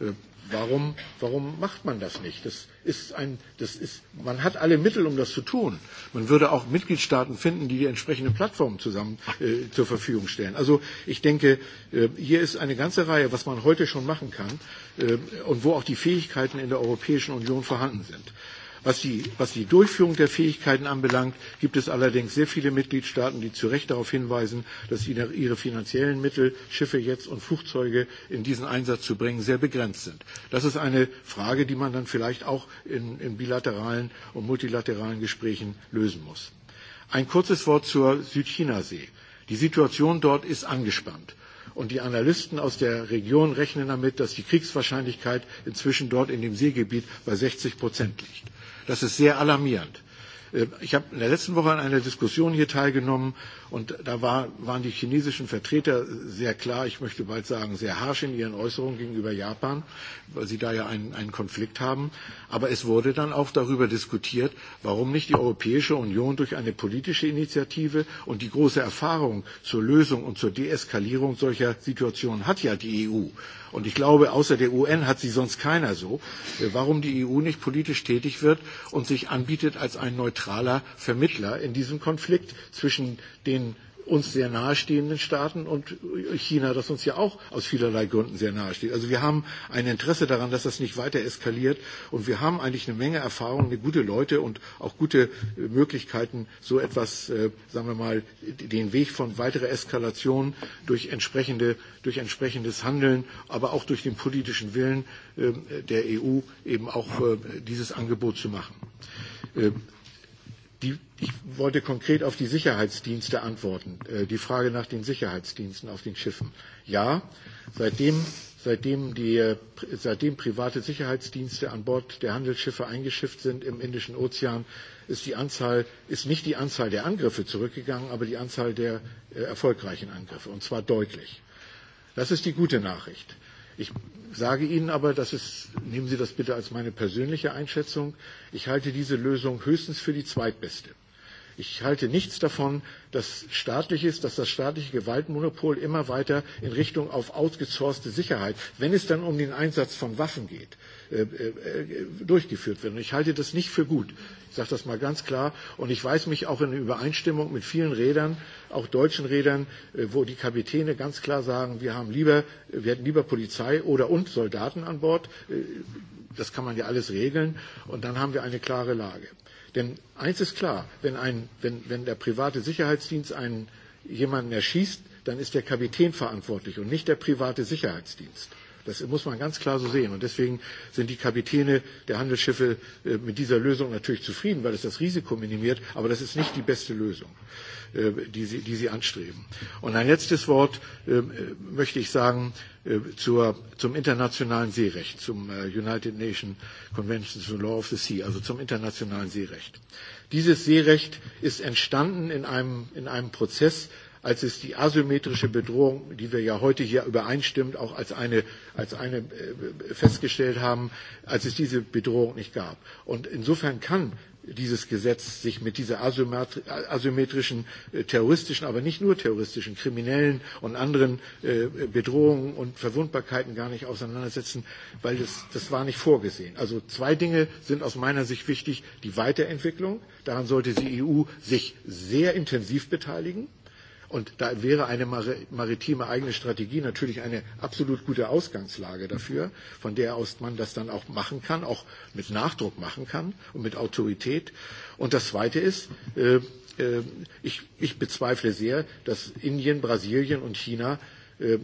Äh, Warum, warum macht man das nicht? Das ist ein, das ist, man hat alle Mittel, um das zu tun. Man würde auch Mitgliedstaaten finden, die die entsprechenden Plattformen zusammen äh, zur Verfügung stellen. Also ich denke, äh, hier ist eine ganze Reihe, was man heute schon machen kann äh, und wo auch die Fähigkeiten in der Europäischen Union vorhanden sind. Äh, Was die, was die Durchführung der Fähigkeiten anbelangt, gibt es allerdings sehr viele Mitgliedstaaten, die zu Recht darauf hinweisen, dass ihre finanziellen Mittel, Schiffe jetzt und Flugzeuge in diesen Einsatz zu bringen, sehr begrenzt sind. Das ist eine Frage, die man dann vielleicht auch in, in bilateralen und multilateralen Gesprächen lösen muss. Ein kurzes Wort zur Südchinasee. Die Situation dort ist angespannt. Und die Analysten aus der Region rechnen damit, dass die Kriegswahrscheinlichkeit inzwischen dort in dem Seegebiet bei 60 Prozent liegt. Das ist sehr alarmierend. Ähm, ich habe in der letzten Woche an einer Diskussion hier teilgenommen und da war, waren die chinesischen Vertreter sehr klar, ich möchte bald sagen, sehr harsch in ihren Äußerungen gegenüber Japan, weil sie da ja einen, einen Konflikt haben. Aber es wurde dann auch darüber diskutiert, warum nicht die Europäische Union durch eine politische Initiative und die große Erfahrung zur Lösung und zur Deeskalierung solcher Situationen hat ja die EU. Und ich glaube, außer der UN hat sie sonst keiner so, äh, warum die EU nicht politisch tätig wird und sich anbietet als ein neutraler Vermittler in diesem Konflikt zwischen den uns sehr nahestehenden Staaten und China, das uns ja auch aus vielerlei Gründen sehr nahesteht. Also wir haben ein Interesse daran, dass das nicht weiter eskaliert und wir haben eigentlich eine Menge Erfahrung, eine gute Leute und auch gute äh, Möglichkeiten, so etwas, äh, sagen wir mal, den Weg von weiterer Eskalation durch, entsprechende, durch entsprechendes Handeln, aber auch durch den politischen Willen äh, der EU eben auch äh, dieses Angebot zu machen. Ähm, Ich wollte konkret auf die Sicherheitsdienste antworten, äh, die Frage nach den Sicherheitsdiensten auf den Schiffen. Ja, seitdem, seitdem, die, äh, seitdem private Sicherheitsdienste an Bord der Handelsschiffe eingeschifft sind im Indischen Ozean, ist, die Anzahl, ist nicht die Anzahl der Angriffe zurückgegangen, aber die Anzahl der äh, erfolgreichen Angriffe, und zwar deutlich. Das ist die gute Nachricht. Ich sage Ihnen aber, das ist, nehmen Sie das bitte als meine persönliche Einschätzung, ich halte diese Lösung höchstens für die zweitbeste. Ich halte nichts davon, dass staatlich ist, dass das staatliche Gewaltmonopol immer weiter in Richtung auf ausgezorste Sicherheit, wenn es dann um den Einsatz von Waffen geht, äh, äh, äh, durchgeführt wird. Und ich halte das nicht für gut. Ich sage das mal ganz klar. Und ich weiß mich auch in Übereinstimmung mit vielen Rädern, auch deutschen Rädern, wo die Kapitäne ganz klar sagen, wir, haben lieber, wir hätten lieber Polizei oder und Soldaten an Bord. Das kann man ja alles regeln. Und dann haben wir eine klare Lage. Denn eins ist klar, wenn, ein, wenn, wenn der private Sicherheitsdienst einen, jemanden erschießt, dann ist der Kapitän verantwortlich und nicht der private Sicherheitsdienst. Das muss man ganz klar so sehen. Und deswegen sind die Kapitäne der Handelsschiffe äh, mit dieser Lösung natürlich zufrieden, weil es das Risiko minimiert. Aber das ist nicht die beste Lösung. Äh, Äh, die sie, die sie anstreben. Und ein letztes Wort äh, möchte ich sagen äh, zur, zum internationalen Seerecht, zum United Nations Convention on Law of the Sea, also zum internationalen Seerecht. Dieses Seerecht ist entstanden in einem, in einem Prozess, als es die asymmetrische Bedrohung, die wir ja heute hier übereinstimmend auch als eine, als eine festgestellt haben, als es diese Bedrohung nicht gab. Und insofern kann dieses Gesetz sich mit dieser asymmetrischen äh, terroristischen, aber nicht nur terroristischen, kriminellen und anderen äh, Bedrohungen und Verwundbarkeiten gar nicht auseinandersetzen, weil das, das war nicht vorgesehen. Also zwei Dinge sind aus meiner Sicht wichtig. Die Weiterentwicklung, daran sollte die EU sich sehr intensiv beteiligen Und da wäre eine maritime eigene Strategie natürlich eine absolut gute Ausgangslage dafür, von der aus man das dann auch machen kann, auch mit Nachdruck machen kann und mit Autorität. Und das Zweite ist, äh, äh, ich, ich bezweifle sehr, dass Indien, Brasilien und China äh, äh,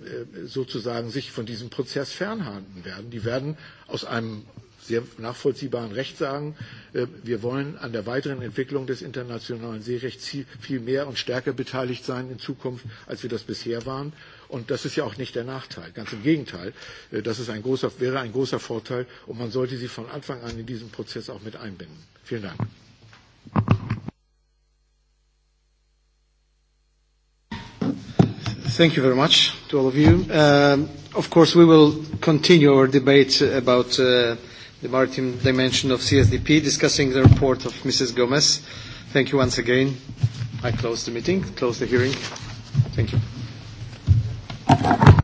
sozusagen sich von diesem Prozess fernhalten werden. Die werden aus einem sehr nachvollziehbaren Recht sagen, äh, wir wollen an der weiteren Entwicklung des internationalen Seerechts viel mehr und stärker beteiligt sein in Zukunft, als wir das bisher waren. Und das ist ja auch nicht der Nachteil. Ganz im Gegenteil, äh, das ist ein großer, wäre ein großer Vorteil und man sollte sie von Anfang an in diesen Prozess auch mit einbinden. Vielen Dank. Thank you very much to all of you. Um, of course, we will continue our debate about uh, the maritime dimension of CSDP, discussing the report of Mrs. Gomez. Thank you once again. I close the meeting, close the hearing. Thank you.